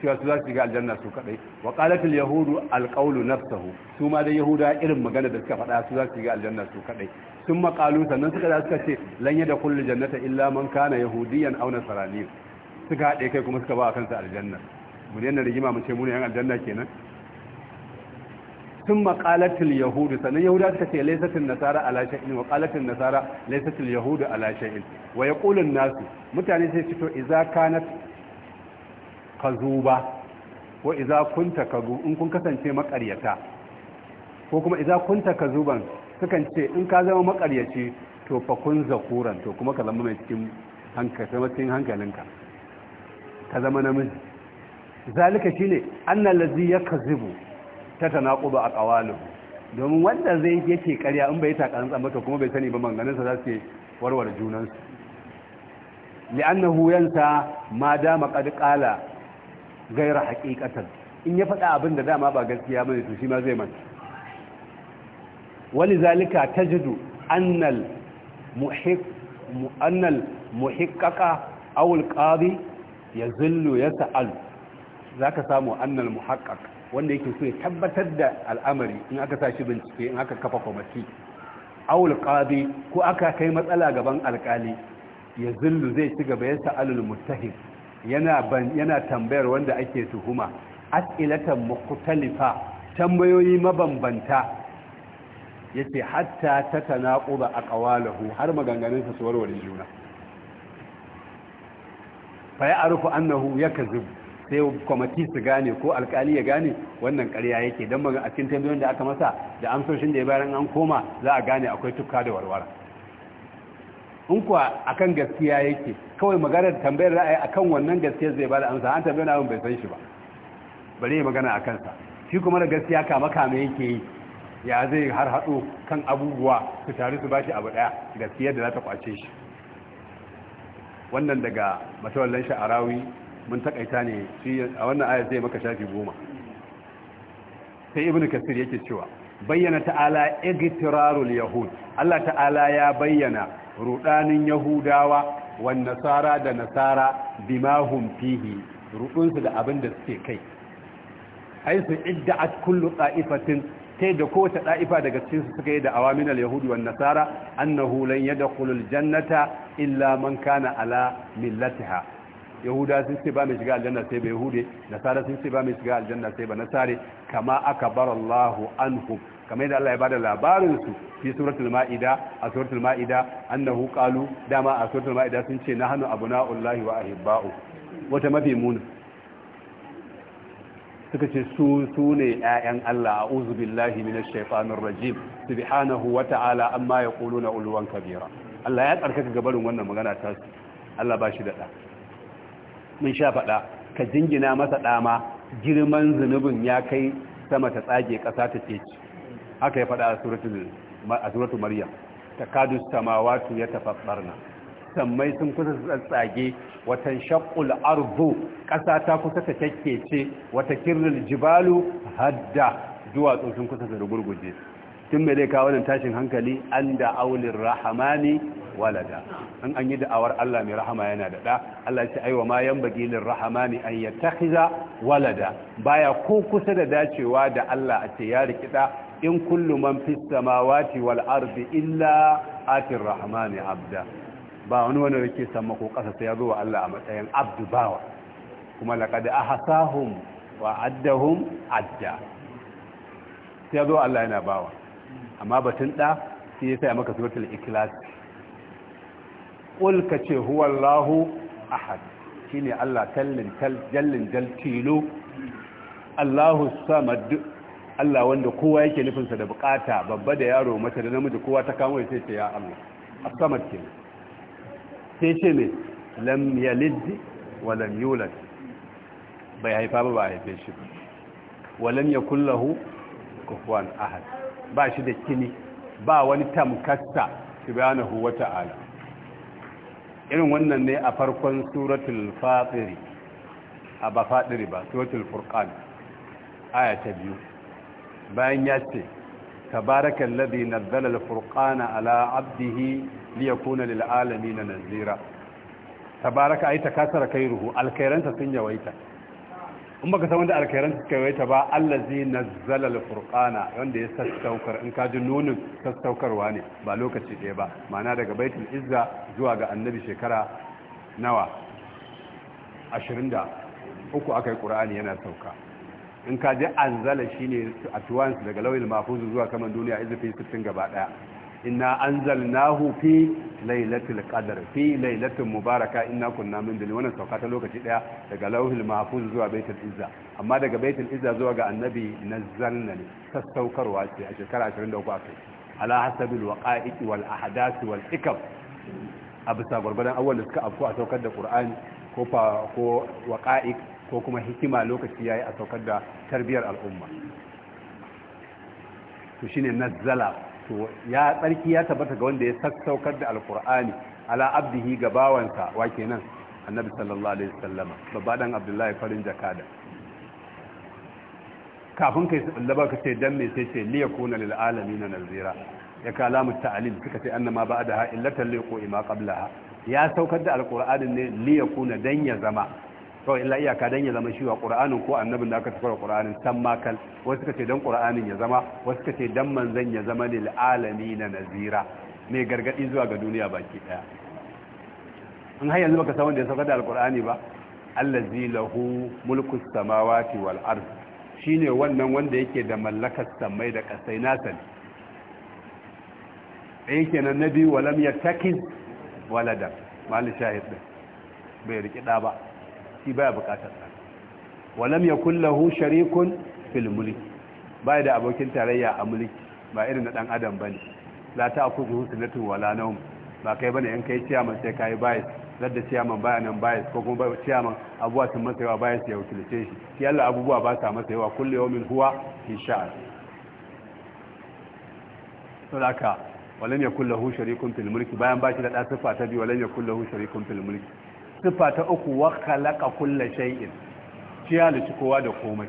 cewa su za su shiga aljanna su kadai wa qalatul yahudu alqawlu nafsuhu su ma da yahuda irin magana da suka faɗa su za su shiga aljanna su kadai sun maqalu sannan suka da suka ce lan yadkhulul jannata illa man kana yahudiyan aw nasraniyan suka haɗe kai kuma suka ba kansa aljanna mu ne rigima mu ce mu ne yan aljanna kenan sun maƙalatul yahudu sannan yahuda suka ce laisatul nasara ala shay'in wa qalatul nasara laisatul yahudu ala shay'in wa yaqulu nasu mutane sai fito idza kanat kazuba ko idza kunta kazu in kun kasance maƙaryata ko kuma idza kunta kazuban sukan ce in ka zama maƙaryaci to fa kun zakuran to kuma ka zama mai cikin hankalinka ka zama namiji zalika shine annal ladzi yakzibu ta a ƙawalu domin wanda zai yake karya in bai yi takarar ba to kuma bai sani ba manganinsa za su warware junansu li'anna yansa ma dama qad ƙala gaira haƙiƙatar in ya faɗa abin da dama ba gaskiya bane to shi ma zai manta walizalika tajidu annal muhiƙaƙa annal ƙari ya zillo ya sa'al za ka samu annal muhaƙaƙa. wanda yake so ya tabbatar da al'amari in aka sa shi bincike in aka kafa kwamati awul qadi ko aka kai matsala gaban alkali ya zullu zai ci gaba ya sa'alul muttahim yana yana tambayar wanda ake tuhuma as'ilatan muqtalifa tambayoyi mabambanta yace hatta tatanaquba aqwaluhu har maganganunsa su warware juna fa ya arifu annahu yakzib sai kwamati su gane ko alkali ya gane wannan karya yake don magan a cikin tambayoyin da aka masa da amsoshin da ya bayan an koma za a gane akwai tukka da warwara in kuwa akan gaskiya yake kawai maganar tambayar ra'ayi akan wannan gaskiya zai bada amsa an tambayar abin bai san shi ba bare magana a kansa shi kuma da gaskiya kama kama yake yi ya zai har haɗo kan abubuwa su tare su bashi abu ɗaya gaskiyar da za ta kwace shi wannan daga matawallan sha'arawi mun takaita ne shi a wannan ayar zai maka shafi goma sai ibnu kasir yake cewa bayyana ta'ala igtirarul yahud Allah ta'ala ya bayyana rudanin yahudawa wan nasara da nasara bima hum fihi rudunsu da abin da suke kai haisu idda'at kullu qa'ifatin kai da kowace da'ifa daga cikin su suka yi da awaminal yahudi wa nasara annahu lan yadkhulul jannata illa man kana ala millatiha yahuda sun ce ba mai shiga aljanna sai ba yahude nasara sun ce ba mai shiga aljanna sai ba nasare kama aka bar Allahu anhum kamar yadda Allah ya bada labarin su fi suratul ma'ida a suratul ma'ida annahu qalu dama a suratul ma'ida sun ce nahnu abna'ullahi wa ahibba'u wata mafi mun suka ce su su ne ƴaƴan Allah a'udhu billahi minash shaitanir rajim subhanahu wa ta'ala amma yaquluna ulwan kabira Allah ya tsarkaka gabarin wannan magana ta Allah ba shi da ɗa mun sha faɗa ka jingina masa ɗama girman zunubin ya kai sama ta tsage ƙasa ta ce haka ya faɗa a suratu maryam ta kadu samawatu ya tafaɓarna sammai sun kusa tsage watan shakul arzo ƙasa ta kusa ta kyakkece wata kirrin jibalu hadda duwatsu sun kusa da rugurguje tun mai dai kawo tashin hankali an da aulin rahamani walada in an yi da'awar Allah mai rahama yana da ɗa Allah ce aiwa ma yan bagilin rahamani an ya takhiza walada baya ko kusa da dacewa da Allah a ce ya rikida in kullum man fis samawati wal ardi illa atir rahmani abda ba wani wani yake sama ko ƙasa sai ya zo wa Allah a matsayin abdu bawa kuma laqad ahsahum wa addahum adda sai ya zo Allah yana bawa amma batun ɗa sai ya sa maka suratul ikhlas ƙul ka ce huwallahu ahad shi ne Allah tallin jallin jaltilo Allahu samad Allah wanda kowa yake nufinsa da bukata babba da yaro mace da namiji kowa ta kamo ya ce ya Allah a samad ke sai ce me, lam yalid wa lam yulad bai haifa ba ba haife shi wa lam yakul lahu kufuwan ahad ba shi da kini ba wani tamkasta subhanahu wata'ala irin wannan ne a farkon suratul fatiri a ba fatiri ba suratul furqan aya ta biyu bayan ya ce tabarakal ladhi nazzala al-furqana ala 'abdihi liyakuna lil nazira tabaraka ai ta kasara kai ruhu alkhairansa sun yawaita in baka san wanda alkhairan suka ta ba allazi nazzala alfurqana wanda ya sassaukar in ka ji nunin sassaukarwa ne ba lokaci ɗaya ba ma'ana daga baitul izza zuwa ga annabi shekara nawa 23 akai qur'ani yana sauka in ka ji anzala shine atwans daga lawil mahfuz zuwa kaman duniya izifi 60 gaba daya inna anzalnahu fi lailatul qadr fi lailatin mubaraka inna kunna min dali wannan sauka ta lokaci daya daga lauhil mahfuz zuwa baitul izza amma daga baitul izza zuwa ga annabi nazzalna ne sassaukarwa ce a shekara 23 akai ala hasabil waqa'iq wal ahdath wal hikam a bisa gwargwadon awal da suka afko a saukar da kur'ani ko fa ko waqa'iq ko kuma hikima lokaci yayi a saukar da tarbiyar al'umma to shine nazzala to ya tsarki ya tabbata ga wanda ya sassaukar da alkur'ani ala abdihi ga bawansa wa kenan annabi sallallahu alaihi wasallama babba dan abdullahi farin jakada kafin kai sallaba ka ce dan me sai ce li yakuna lil alamin nazira ya kalamu ta'lim suka ce annama ba'daha illatan liqu ima qablaha ya saukar da alkur'anin ne li yakuna dan ya zama kawai illa iyaka dan ya zama shi wa qur'anin ko annabin da aka tafi da qur'anin san makal wasu suka ce dan qur'anin ya zama wasu suka ce dan manzon ya zama lil na nazira mai gargadi zuwa ga duniya baki daya in har yanzu baka san wanda ya saukar da alqur'ani ba allazi lahu mulku samawati wal ard shine wannan wanda yake da mallakar samai da kasai nasa ɗaya kenan na biyu walam ya walada mahallin shahid ɗin bai riki ɗa ba shi baya bukatar sa walam yakul lahu sharikun fil mulk baya da abokin tarayya a mulki ba irin na dan adam bane la ta'khudhu sinatun wala nawm ba kai bane in kai ciyaman sai kai bias ladda ciyaman baya nan bias ko kuma ciyaman abuwa sun masa yawa bias ya wukilce shi shi Allah abubuwa ba sa masa yawa kullu yawmin huwa fi sha'an saboda walam yakul lahu sharikun fil mulk bayan ba shi da da sifa ta bi walam yakul lahu sharikun fil mulk sifa ta uku wa khalaqa kulla shay'in shi ya cikowa kowa da komai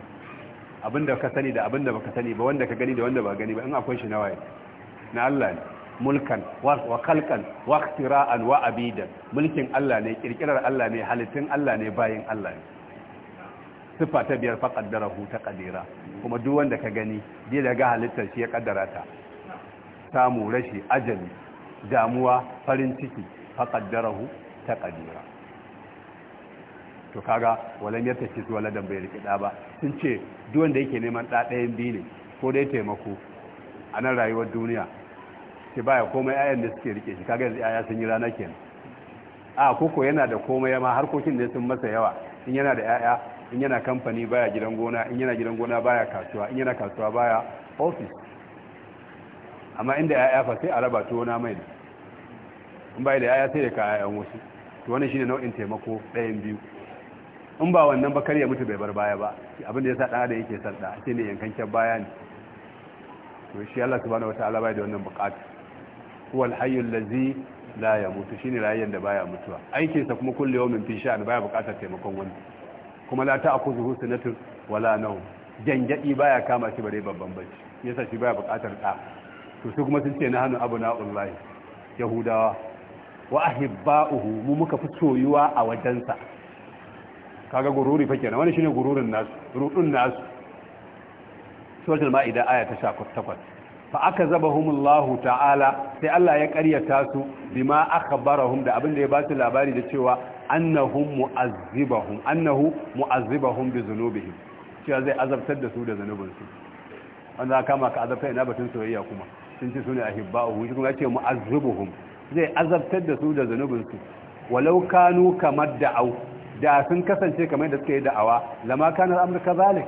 abinda ka sani da abinda baka sani ba wanda ka gani da wanda ba gani ba in akwai shi nawaye na Allah ne mulkan wa khalqan wa ikhtira'an wa abidan mulkin Allah ne kirkirar Allah ne halittun Allah ne bayin Allah ne sifa ta biyar fa qaddarahu ta qadira kuma duk wanda ka gani dai daga halittar shi ya kaddara ta samu rashi ajali damuwa farin ciki fa qaddarahu ta qadira to kaga walan yarta tafi zuwa ladan bai rikida ba sun ce duk wanda yake neman da ɗayan biyu ne ko dai taimako a nan rayuwar duniya ke baya komai ayan da suke rike shi kaga yanzu aya sun yi rana kenan a koko yana da komai ma harkokin da sun masa yawa in yana da yaya in yana kamfani baya gidan gona in yana gidan gona baya kasuwa in yana kasuwa baya ofis amma inda yaya fa sai a raba tuwo na mai in bai da yaya sai da kayan wasu to wannan shine nau'in taimako ɗayan biyu in ba wannan ba kar ya mutu bai bar baya ba abin da yasa dan da yake sarda shi ne yankanken baya ne to shi Allah subhanahu wataala bai da wannan bukata huwal hayyul ladzi la yamutu shine rayyan da baya mutuwa aikin sa kuma kullu yawmin fi sha'an baya bukatar taimakon wani kuma la ta'khudhu sunatun wala nawm jangadi baya kama shi bare babban bacci yasa shi baya bukatar da to su kuma sun ce na hanu abu wallahi yahudawa wa ahibba'uhu mu muka fi soyuwa a wajensa kaga gururi fa kenan wani shine gururin nasu rudun nasu suratul maida aya ta 18 fa akazabahumullahu ta'ala sai Allah ya ƙaryata su bima akhbarahum da abin da ya ba su labari da cewa annahum mu'azzibahum annahu mu'azzibahum bi dhunubihim cewa zai azabtar da su da zanubinsu wanda kama ka azabtar ina batun soyayya kuma sun ci sune ahibba'uhu shi kuma yace mu'azzibuhum zai azabtar da su da zanubinsu walau kanu kamar da'au da sun kasance kamar da suka yi da'awa lama kanar amurka zalik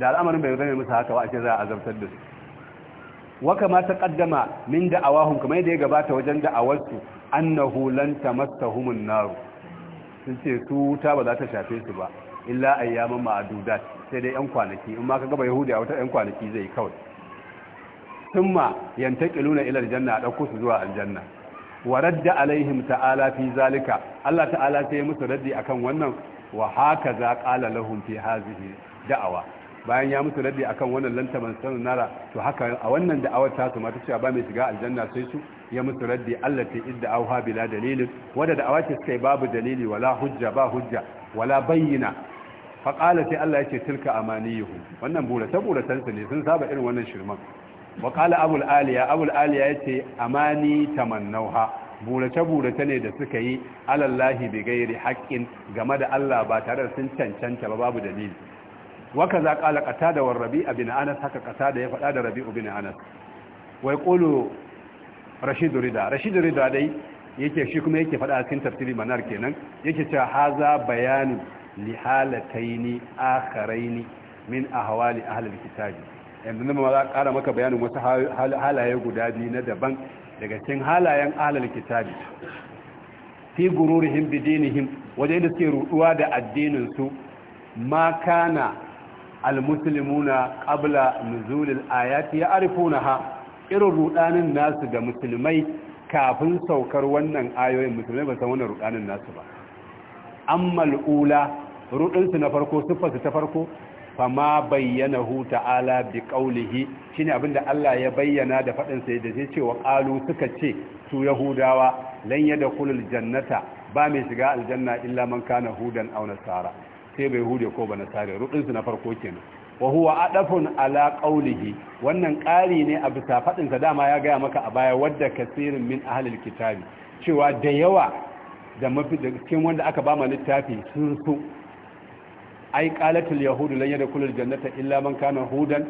da al'amarin bai zame musu haka ba ce za a azabtar da su waka ma ta kaddama min da'awahum kamar yadda ya gabata wajen da'awarsu annahu lan tamassahumun naru sun ce su wuta ba za ta shafe su ba illa ayyaman ma'adudat sai dai yan kwanaki in ma ka gaba yahudi a wata yan kwanaki zai kawai thumma yantakiluna ila aljanna a ɗauko su zuwa aljanna wa radda alaihim ta'ala fi zalika Allah ta'ala sai yi musu raddi akan wannan wa haka za qala lahum fi hazihi da'awa bayan ya musu raddi akan wannan lantaman sanin nara to haka a wannan da'awar ta su mata ba mai shiga aljanna sai su ya musu raddi Allah ta idda auha bila dalilin wanda da'awa ce sai babu dalili wala hujja ba hujja wala bayyina fa qala sai Allah yace tilka amaniyuhum wannan burata buratansu ne sun saba irin wannan shirman wa qala abul aliya abul aliya yace amani tamannauha burace burace ne da suka yi alallahi bi gairi haqqin game da Allah ba tare da sun cancanta ba babu dalili wa kaza qala da war rabi bin anas haka da ya faɗa da rabi bin anas wai qulu rashidu rida rashidu rida dai yake shi kuma yake fada a cikin tafsiri manar kenan yake cewa haza bayanu li halataini akharaini min ahwali ahli kitabi yanzu nan ma za ƙara maka bayanin wasu halaye guda biyu na daban daga cikin halayen ahlul kitabi fi gururihim bidinihim wajen da suke ruduwa da addinin su ma kana almuslimuna qabla nuzulil ayati ya'rifunaha irin rudanin nasu da musulmai kafin saukar wannan ayoyin musulmai ba san wannan rudanin nasu ba amma al'ula rudin su na farko siffarsu ta farko fama bayyana hu ta'ala bi qaulihi shine abinda Allah ya bayyana da fadin sai da ce wa qalu suka ce su yahudawa lan kulul jannata ba mai shiga aljanna illa man kana hudan aw nasara sai bai hude ko ba nasara rudin na farko kenan wa huwa adafun ala qaulihi wannan ƙari ne a bisa fadin sa dama ya gaya maka a baya wadda kasirin min ahlil kitabi cewa da yawa da mafi cikin wanda aka ba ma littafi sun su ai qalatul yahudu lan yadkhulul jannata illa man kana hudan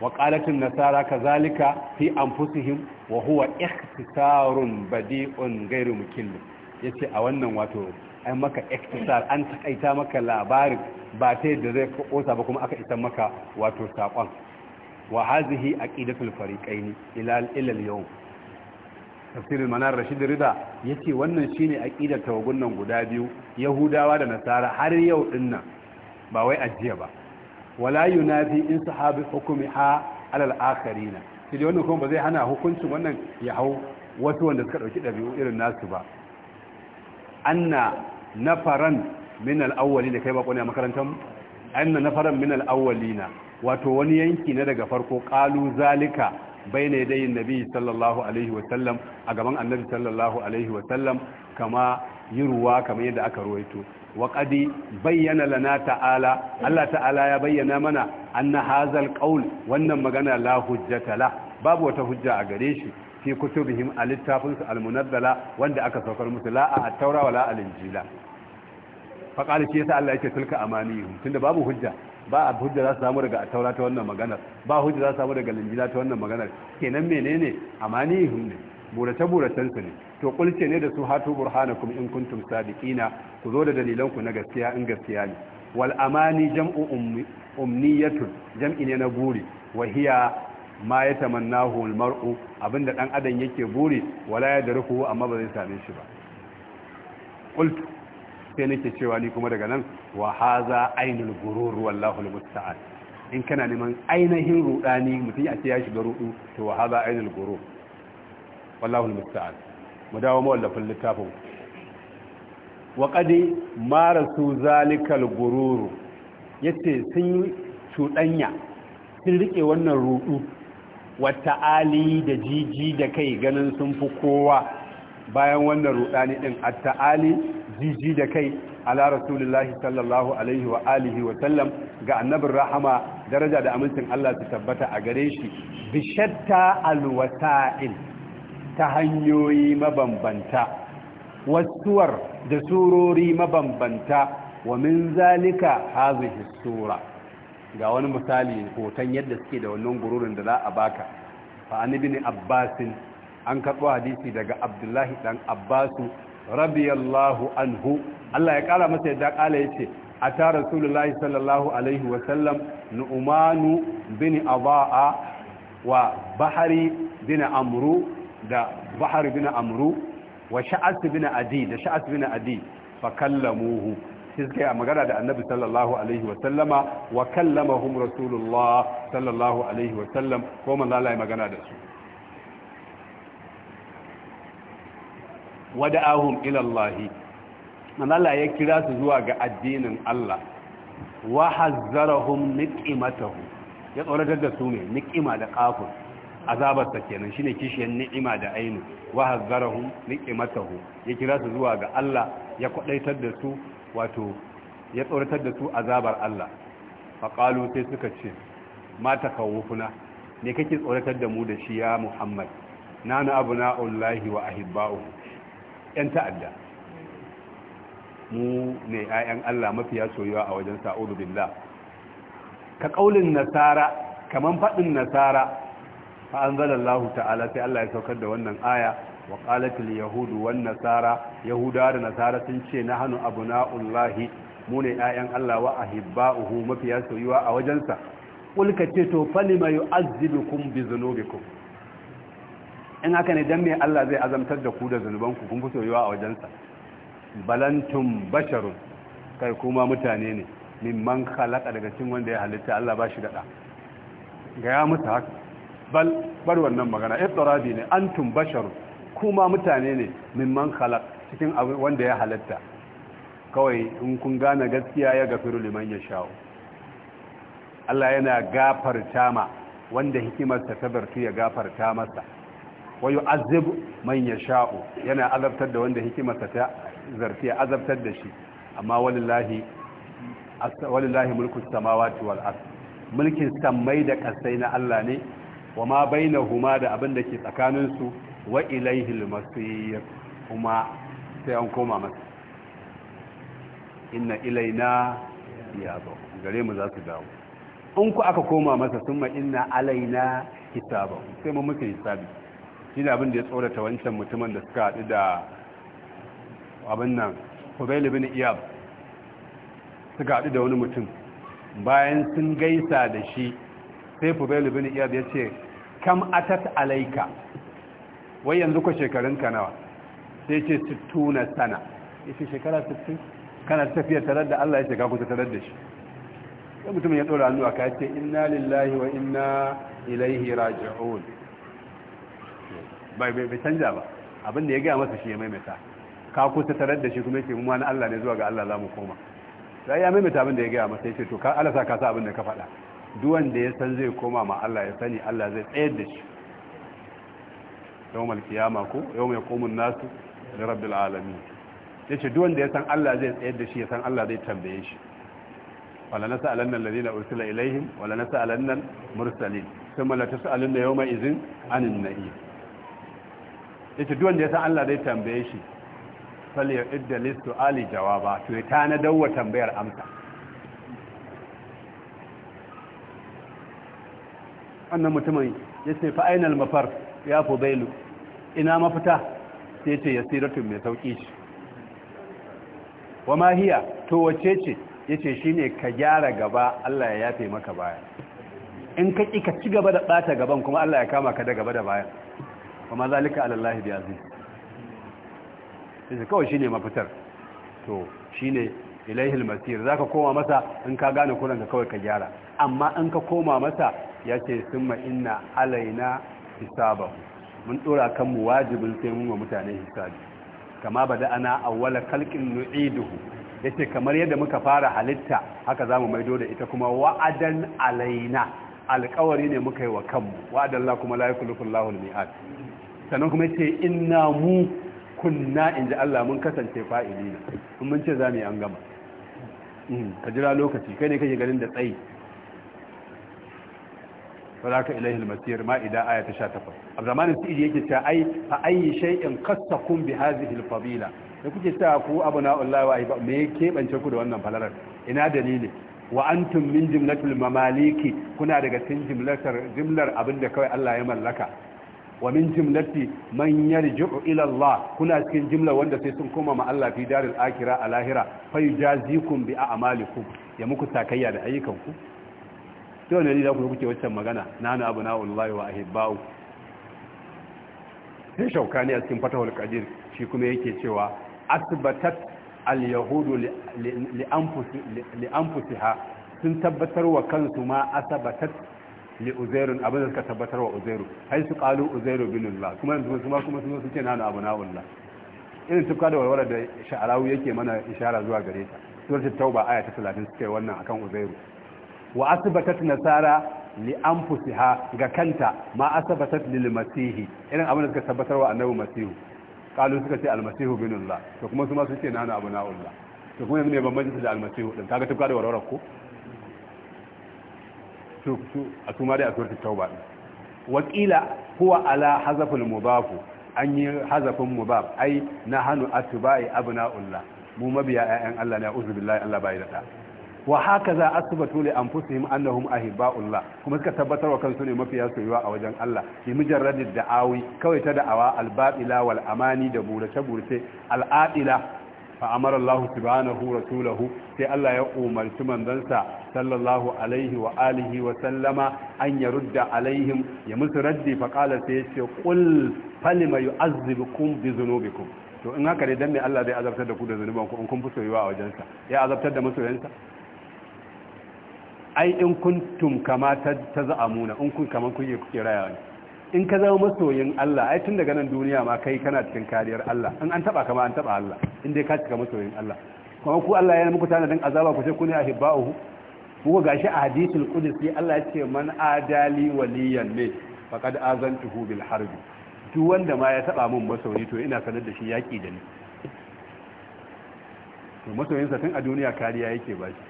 wa qalatul nasara kazalika fi anfusihim wa huwa ikhtisarun badi'un ghairu mukillim yace a wannan wato ai maka ikhtisar an takaita maka labarin ba ta da zai kosa ba kuma aka isa maka wato sakon wa hazihi aqidatul fariqaini ila ila al-yawm manar rashid rida yace wannan shine aqidar tawagun nan guda biyu yahudawa da nasara har yau dinnan ba wai ajiya ba wala yunafi in sahabi hukumi ha alal akharina sai wannan kuma ba zai hana hukuncin wannan ya hau wasu wanda suka dauki dabi'u irin nasu ba anna nafaran min al kai ba kone a makarantar anna nafaran min al wato wani yanki na daga farko qalu zalika bai ne dai nabi sallallahu a gaban annabi sallallahu alaihi wasallam kama ruwa kamar yadda aka ruwaito wa bayyana lana ta'ala Allah ta'ala ya bayyana mana anna hazal qaul wannan magana la hujjata la babu wata hujja a gare shi fi littafin alittafin almunaddala wanda aka saukar musu la a taura wala al injila fa qala shi sai Allah yake tilka amaniyum tunda babu hujja ba a hujja za su samu daga taura ta wannan maganar ba hujja za su samu daga linjila ta wannan maganar kenan menene amanihim ne burace buracen su ne to kulce ne da su hatu burhanakum in kuntum sadiqina ku zo da dalilan ku na gaskiya in gaskiya ne wal amani jam'u umniyatun jam'i ne na buri wa hiya ma yatamannahu al mar'u abinda dan adam yake buri wala yadruhu amma ba zai same shi ba sai nake cewa ni kuma daga nan wa haza ainul gurur wallahu almusta'an in kana neman ainihin rudani mutum ya ce ya shiga rudu to wa haza ainul gurur wallahu almusta'an mu dawo mawallafin littafin wa qadi marasu zalikal gurur yace sun yi cuɗanya sun rike wannan rudu wata ali da jiji da kai ganin sun fi kowa bayan wannan rudani din at-ta'ali jiji da kai ala rasulullahi sallallahu alaihi wa alihi wa sallam ga annabin rahama daraja da amincin Allah su tabbata a gare shi bi shatta alwasa'il ta hanyoyi mabambanta wasuwar da surori mabambanta wa min zalika hazihi sura ga wani misali hoton yadda suke da wannan gururin da za a baka fa annabi ne abbasin an karɓo hadisi daga abdullahi dan abbasu radiyallahu anhu Allah ya kara masa yadda kala yace ata rasulullahi sallallahu alaihi wa sallam nu'manu bin abaa wa bahari bin amru da bahari bin amru wa sha'as bin adi da sha'as bin adi fa kallamuhu sai suka yi magana da annabi sallallahu alaihi wa sallama wa kallamahum rasulullah sallallahu alaihi wa sallam ko man lalai magana da su wada'ahum ila Allah Allah ya kira su zuwa ga addinin Allah wa hazzarahum niqimatahu ya tsoratar da su ne ni'ima da qafun azabar ta kenan shine kishiyar ni'ima da ainu wa hazzarahum niqimatahu ya kira su zuwa ga Allah ya kwadaitar da su wato ya tsoratar da su azabar Allah qalu sai suka ce ma takawufuna ne kake tsoratar da mu da shi ya Muhammad nanu ullahi wa ahibba'u 'yan ta'adda mu ne 'ya'yan Allah mafiya soyuwa a wajen sa'udu billah ka kaulin nasara kaman faɗin nasara fa anzalallahu ta'ala sai Allah ya saukar da wannan aya wa qalatil yahudu wan nasara yahuda da nasara sun ce na hanu abna'ullahi mu ne 'ya'yan Allah wa ahibba'uhu mafiya soyuwa a wajensa kul ka ce to falima yu'azzibukum bi dhunubikum in haka ne dan me Allah zai azamtar da ku da zunubanku kun fito yawa a wajensa balantum basharun kai kuma mutane ne min man khalaqa daga cikin wanda ya halitta Allah ba shi da ga ya mutu haka bal bar wannan magana iftirabi ne antum basharun kuma mutane ne min man khalaq cikin wanda ya halitta kawai in kun gane gaskiya ya gafiru liman ya shawo Allah yana gafarta ma wanda hikimarsa ta bartu ya gafarta masa wa Azib man yasha'u yana azabtar da wanda hikimarsa ta zarfi azabtar da shi amma wallahi walillahi mulkus samawati wal ard mulkin samai da kasai na Allah ne wa ma bainahuma da abin da ke tsakanin su wa ilaihi al-masir kuma sai an koma masa inna ilaina iyabo gare mu za su dawo in ku aka koma masa summa inna alaina hisabahu sai mu muke hisabi ne abin da ya tsorata wancan mutumin da suka haɗu da abin nan bai bin Iyab suka haɗu da wani mutum bayan sun gaisa da shi sai bai bin Iyab ya ce kam atat alaika wai yanzu ko shekarunka nawa sai ce na sana ce shekara sittu kana tafiya tare da Allah ya shiga ku tare da shi sai mutumin ya dora hannu aka ce inna lillahi wa inna ilaihi raji'un bai canja ba abin da ya gaya masa shi ya maimaita ka kusa tarar da shi kuma yake mu na Allah ne zuwa ga Allah za mu koma sai ya maimaita abin da ya gaya masa yace to ka Allah sa ka sa abin da ka faɗa duk wanda ya san zai koma ma Allah ya sani Allah zai tsayar da shi yawmal kiyama ko yawma yaqumun nasu li rabbil alamin yace duk wanda ya san Allah zai tsayar da shi ya san Allah zai tambaye shi wala nas'alanna alladhina ursila ilaihim wala nas'alanna mursalin thumma la tas'alunna yawma idhin anin na'im yace duk wanda ya san Allah zai tambaye shi fal ya idda listu ali jawaba to ya tana dawwa tambayar amsa annan mutumin yace fa ainal mafar ya fudailu ina mafita sai yace yasiratun mai sauki shi wa ma hiya to wace ce yace shine ka gyara gaba Allah ya yafe maka baya in ka ƙi ka ci gaba da bata gaban kuma Allah ya kama ka da gaba da baya kuma zalika alallahi bi aziz sai kawai shine mafitar to shine ilaihil masir zaka koma masa in ka gane kuran ka kawai ka gyara amma in ka koma masa yace summa inna alaina hisabahu mun dora kan mu wajibin sai mun wa mutane hisabi kama bada ana awwala khalqin nu'iduhu yace kamar yadda muka fara halitta haka zamu maido da ita kuma wa'adan alaina alƙawari ne muka yi wa kanmu wa'adan la kuma la yukullu al-mi'ad sannan kuma ce ina mu kunna in ji Allah mun kasance fa'ilina in mun ce mu yi an gama hmm, ka jira lokaci kai ne kai ganin da tsayi ka ilaihi almasir ma'ida aya ta 18 abdurrahman sidi yake cewa ai fa in kasta kun bi hadhihi alfadila da kuke sa ku abuna wallahi wa aiba me yake ku da wannan falalar ina dalilin wa antum min jimlatul mamaliki kuna daga cikin jimlar jumlar abinda kawai Allah ya mallaka wa min jimlati man yarji'u ila Allah kuna cikin jimla wanda sai sun koma ma Allah fi daril akhirah a lahira fa yujazikum bi a'malikum ya muku takayya da ayyukanku to ne ni da ku kuke wancan magana nana abu na wallahi wa ahibba'u sai shaukani a cikin fatahul qadir shi kuma yake cewa asbatat al yahudu li anfusiha sun tabbatar wa kansu ma asabatat li uzairun abin da suka tabbatar wa uzairu hai su qalu uzairu binullah kuma yanzu kuma kuma sun suke nanu abu na wallah irin tufka da walwala da sha'arawu yake mana ishara zuwa gare ta sura tauba aya ta 30 suke wannan akan uzairu wa asbatat nasara li anfusiha ga kanta ma asbatat lil masih irin abin da suka tabbatar wa annabi masihu qalu suka ce al masihu binullah to kuma su ma suke nanu abu na wallah to kuma yanzu ne ban bambanci da al masih din kaga tufka da walwala ko to a su ma dai a surta tauba wakila huwa ala hazaful mubafu an yi hazafin mubaf ai na hannu atubai abna'ullah mu mabiya ƴaƴan Allah ne a'udhu billahi Allah bai da wa haka za a tubatu li anfusihim annahum ahibba'ullah kuma suka tabbatar wa kansu ne mafiya soyuwa a wajen Allah bi da awi kawai ta da'awa al wal amani da burace burace al-adila fa amara Allah subhanahu rasulahu sai Allah ya umarci manzansa sallallahu alaihi wa alihi wa sallama an ya rudda alaihim ya musu raddi fa qala sai ya ce qul falima yu'azzibukum bi dhunubikum to in haka ne dan me Allah zai azabtar da ku da zunubanku in kun fi soyuwa a sa ya azabtar da yansa ai in kuntum kama ta za'amuna in kun kaman kuke kuke rayawa ne in ka zama masoyin Allah ai tun daga nan duniya ma kai kana cikin kariyar Allah in an taba kama an taba Allah in dai ka cika masoyin Allah kuma ku Allah ya muku din azaba ku sai ku ne ahibba'uhu kuka gashi a hadisul qudsi Allah ya ce man adali waliyan ne faqad azantuhu bil harbi duk wanda ma ya taba mun masauni to ina sanar da shi yaki da ni to masoyinsa tun a duniya kariya yake ba shi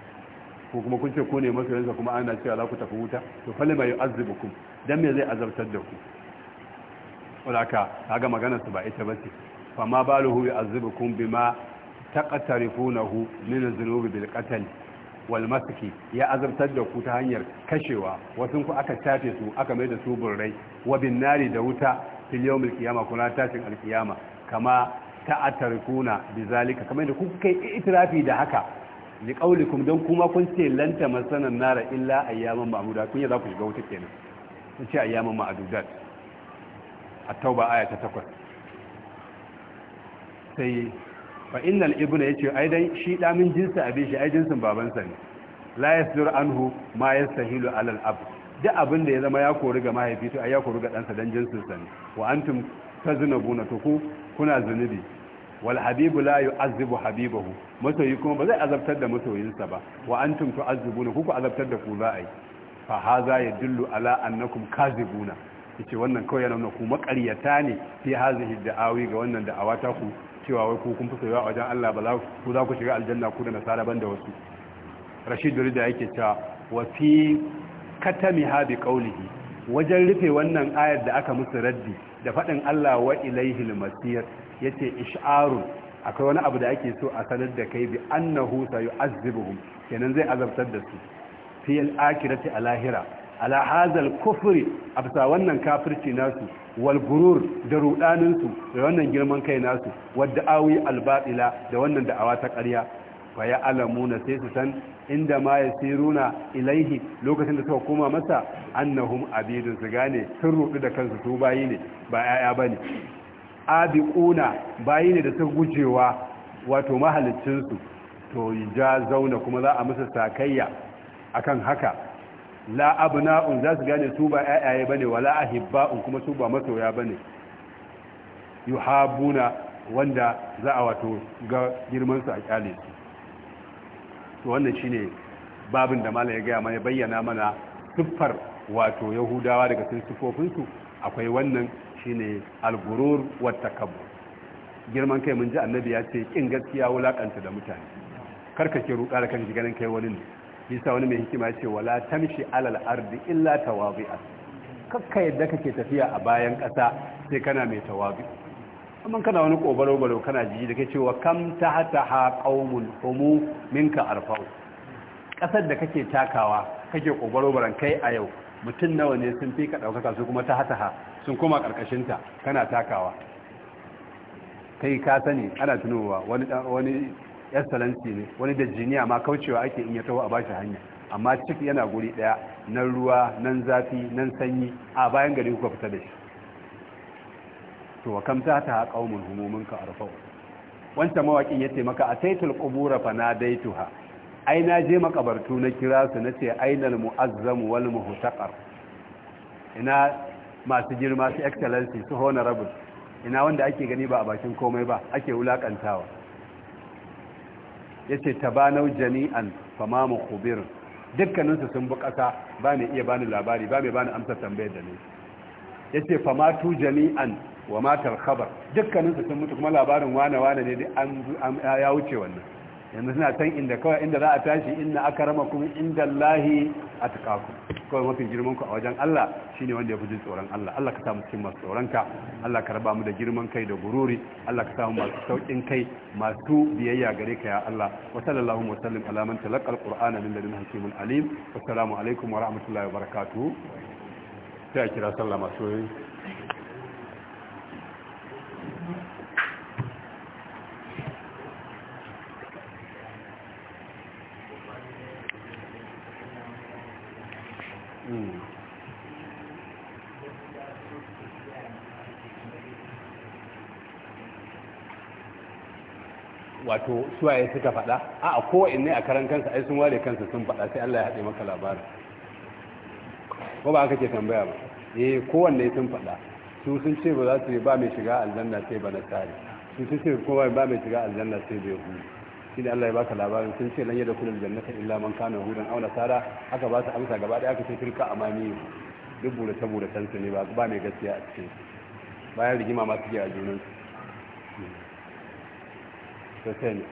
ko kuma kun ce ko ne masoyinsa kuma ana cewa za ku tafi wuta to falle mai azibukum dan me zai azabtar da ku ulaka kaga maganar su ba ita ba ce fa ma baluhu yu'azibukum bima taqtarifunahu min az-dhunubi bil qatl walmasaki ya azabtar da ku ta hanyar kashewa wasu ku aka tafe su aka mai da su burrai wa bin nari da wuta fil yawmil kiyama kuna tashin alkiyama kama bi bizalika kamar da kuka yi itirafi da haka li qaulikum dan kuma kun ce lanta masanan nara illa ayyaman ma'duda kun ya za ku shiga wuta kenan sun ce ayyaman ma'dudat at-tauba aya ta 8 sai fa innal ibna yace ai dan shi da min jinsa abin shi ai jinsin babansa ne la yasdur anhu ma yastahilu ala al ab duk abin da ya zama ya kori ga mahaifi to ai ya kori ga dansa dan jinsin sa ne wa antum tazunabuna to ku kuna zunubi wal habibu la yu'azzibu habibahu masoyi kuma ba zai azabtar da sa ba wa antum tu'azzibuna ku ku azabtar da ku za ai fa haza yadullu ala annakum kazibuna yace wannan kawai yana nuna ku makaryata ne fi hazihi da'awi ga wannan da'awa ta ku cewa wai ku kun fi a wajen Allah ba ku za ku shiga aljanna ku da nasara ban da wasu Rashid Rida yake cewa wa fi katami ha bi qaulihi wajen rufe wannan ayar da aka musu raddi da fadin Allah wa al masir yace ish'arun akwai wani abu da ake so a sanar da kai bi annahu sayu'azzibuhum kenan zai azabtar da su fi al-akhirati al-lahira ala hadha al-kufri absa wannan kafirci nasu walgurur da rudaninsu da wannan girman kai nasu wadda awi albatila da wannan da'awa ta ƙarya fa ya na sai su san inda ma ya siruna ilaihi lokacin da suka koma masa annahum abidun su gane sun rudu da kansu su bayi ne ba 'ya'ya ba ne abiquna bayi ne da suka gujewa wato mahalicinsu to ja zauna kuma za a musu sakayya akan haka la abna'un za su gane su ba ayaye bane wala ahibba'un kuma su ba masoya bane yuhabuna wanda za a wato ga girman su a kyale su to wannan shine babin da malai ya gaya mana bayyana mana siffar wato yahudawa daga cikin sifofinsu akwai wannan shine al-gurur wa takabbur girman kai mun ji annabi ya ce kin gaskiya wulakanta da mutane karka ke ruka da kan ganin kai wani ne yasa wani mai hikima ce wala tamshi alal ardi illa tawabi'a kakka yadda kake tafiya a bayan kasa sai kana mai tawabi amma kana wani kobaro baro kana jiji da kace wa kam ta ha qaumul umu minka arfa'u kasar da kake takawa kake kobaro baran kai a yau mutum nawa ne sun fi ka daukaka su kuma ta ha sun koma karkashin ta kana takawa kai ka sani ana tunowa wani wani excellency ne wani da jiniya ma kaucewa ake in ya taho a bashi hanya amma ciki yana guri daya nan ruwa nan zafi nan sanyi a bayan gari kuka fita da shi to wa kam ta ta qaumun humumun ka arfau wancan mawakin yace maka ataitul qubura fa nadaituha ai na je makabartu na kira su nace ainal muazzam wal muhtaqar ina masu girma su excellency su honorable ina wanda ake gani ba a bakin komai ba ake wulakantawa yace tabanau jami'an famamu mukhbir dukkaninsu sun bi ƙasa ba iya bani labari ba mai bani amsa tambayar da ne yace famatu jami'an wa matar khabar dukkaninsu sun mutu kuma labarin wane wane ne an ya wuce wannan yanzu suna san inda kawai inda za a tashi inna aka rama kuma inda Allahi a kawai mafi girman ku a wajen Allah shine wanda ya fi jin tsoron Allah Allah ka samu cikin masu tsoron ka Allah ka raba mu da girman kai da gururi Allah ka samu masu saukin kai masu biyayya gare ka ya Allah wa sallallahu wa sallam ala man talaqa alqur'ana min ladun hakimin alim assalamu alaikum wa rahmatullahi wa barakatuh sai kira sallama soyayya wato suwaye suka faɗa a a kowanne a karan kansa ai sun ware kansa sun faɗa sai Allah ya haɗe maka labarin ko ba aka ke tambaya ba eh kowanne sun faɗa su sun ce ba za su ba mai shiga aljanna sai ba na tsari su sun ce kowa ba mai shiga aljanna sai bai hudu shi da Allah ya baka labarin sun ce lan yada kullu jannata illa man kana hudan aw nasara aka ba su amsa gaba ɗaya aka ce tilka amani duk bude saboda tantu ne ba ba mai gaskiya a cikin bayan rigima ma suke a junansu sosai ne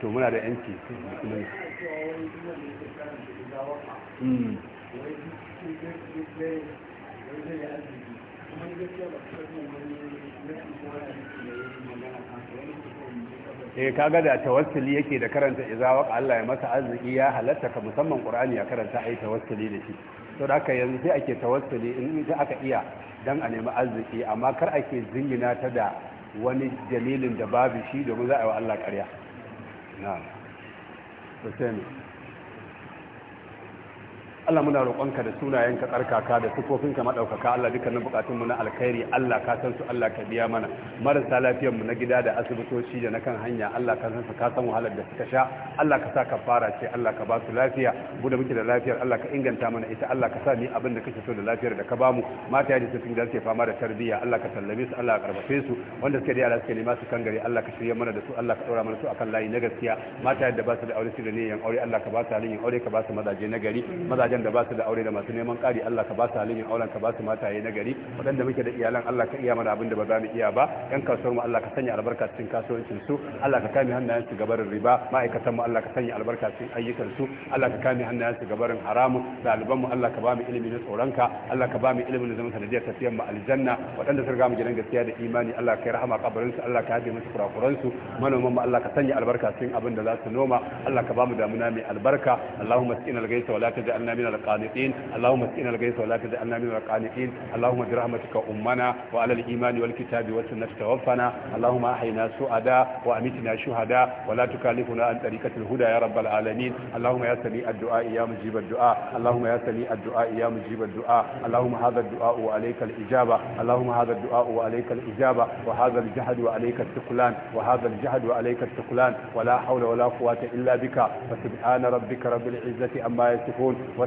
to muna da yanci hmm. eh kaga da tawassuli yake da karanta izawa Allah ya masa arziki ya halatta ka musamman Qur'ani a karanta ai tawassuli da shi to da haka yanzu sai ake tawassuli in ita aka iya dan a nemi arziki amma kar ake zingina ta da wani dalilin da babu shi domin za a yi wa Allah ƙarya na sosai ne Allah muna roƙonka da sunayenka tsarkaka da sufofinka maɗaukaka Allah dukkanin buƙatunmu na alkhairi Allah ka san su Allah ka biya mana marasa lafiyarmu na gida da asibitoci da na kan hanya Allah ka san su ka san wahalar da suka sha Allah ka sa ka fara ce Allah ka ba su lafiya mu da muke da lafiyar Allah ka inganta mana ita Allah ka sa ni abin da kake so da lafiyar da ka ba mu mata yaji su da suke fama da tarbiyya Allah ka sallame su Allah ka karbace su wanda suke da yara suke nema su kan gari Allah ka shirye mana da su Allah ka ɗora mana su akan layi na gaskiya mata yadda ba su da aure su da niyyar aure Allah ka ba su halin yin aure ka ba su mazaje na gari mazaje wajen da ba su da aure da masu neman ƙari Allah ka ba su halin yin auren ka ba su mataye na gari waɗanda muke da iyalan Allah ka iya mana abin da ba za mu iya ba yan kasuwar mu Allah ka sanya albarka cikin kasuwancin su Allah ka kame hannayen su gabarin riba ma'aikatan mu Allah ka sanya albarka cikin ayyukan su Allah ka kame hannayen su gabarin haramun ɗaliban mu Allah ka ba mu ilimi na tsoron ka Allah ka ba mu ilimin da zama sanadiyar tafiyar mu aljanna waɗanda sun riga mu gidan gaskiya da imani Allah ka yi rahama kabarin su Allah ka haɗe musu kurakuran su manoman mu Allah ka sanya albarka cikin abin da za su noma Allah ka ba mu damuna mai albarka Allahumma sina al-gaita wa la taj'alna min من القانطين اللهم اسقنا الغيث ولا تجعلنا من القانطين اللهم برحمتك أمنا وعلى الإيمان والكتاب والسنة توفنا اللهم أحينا سعداء وأمتنا شهداء ولا تكلفنا عن طريقة الهدى يا رب العالمين اللهم يا سميع الدعاء يا مجيب الدعاء اللهم يا سميع الدعاء يا مجيب الدعاء اللهم هذا الدعاء وعليك الإجابة اللهم هذا الدعاء وعليك الإجابة وهذا الجهد وعليك الثقلان وهذا الجهد وعليك الثقلان ولا حول ولا قوة إلا بك فسبحان ربك رب العزة عما يصفون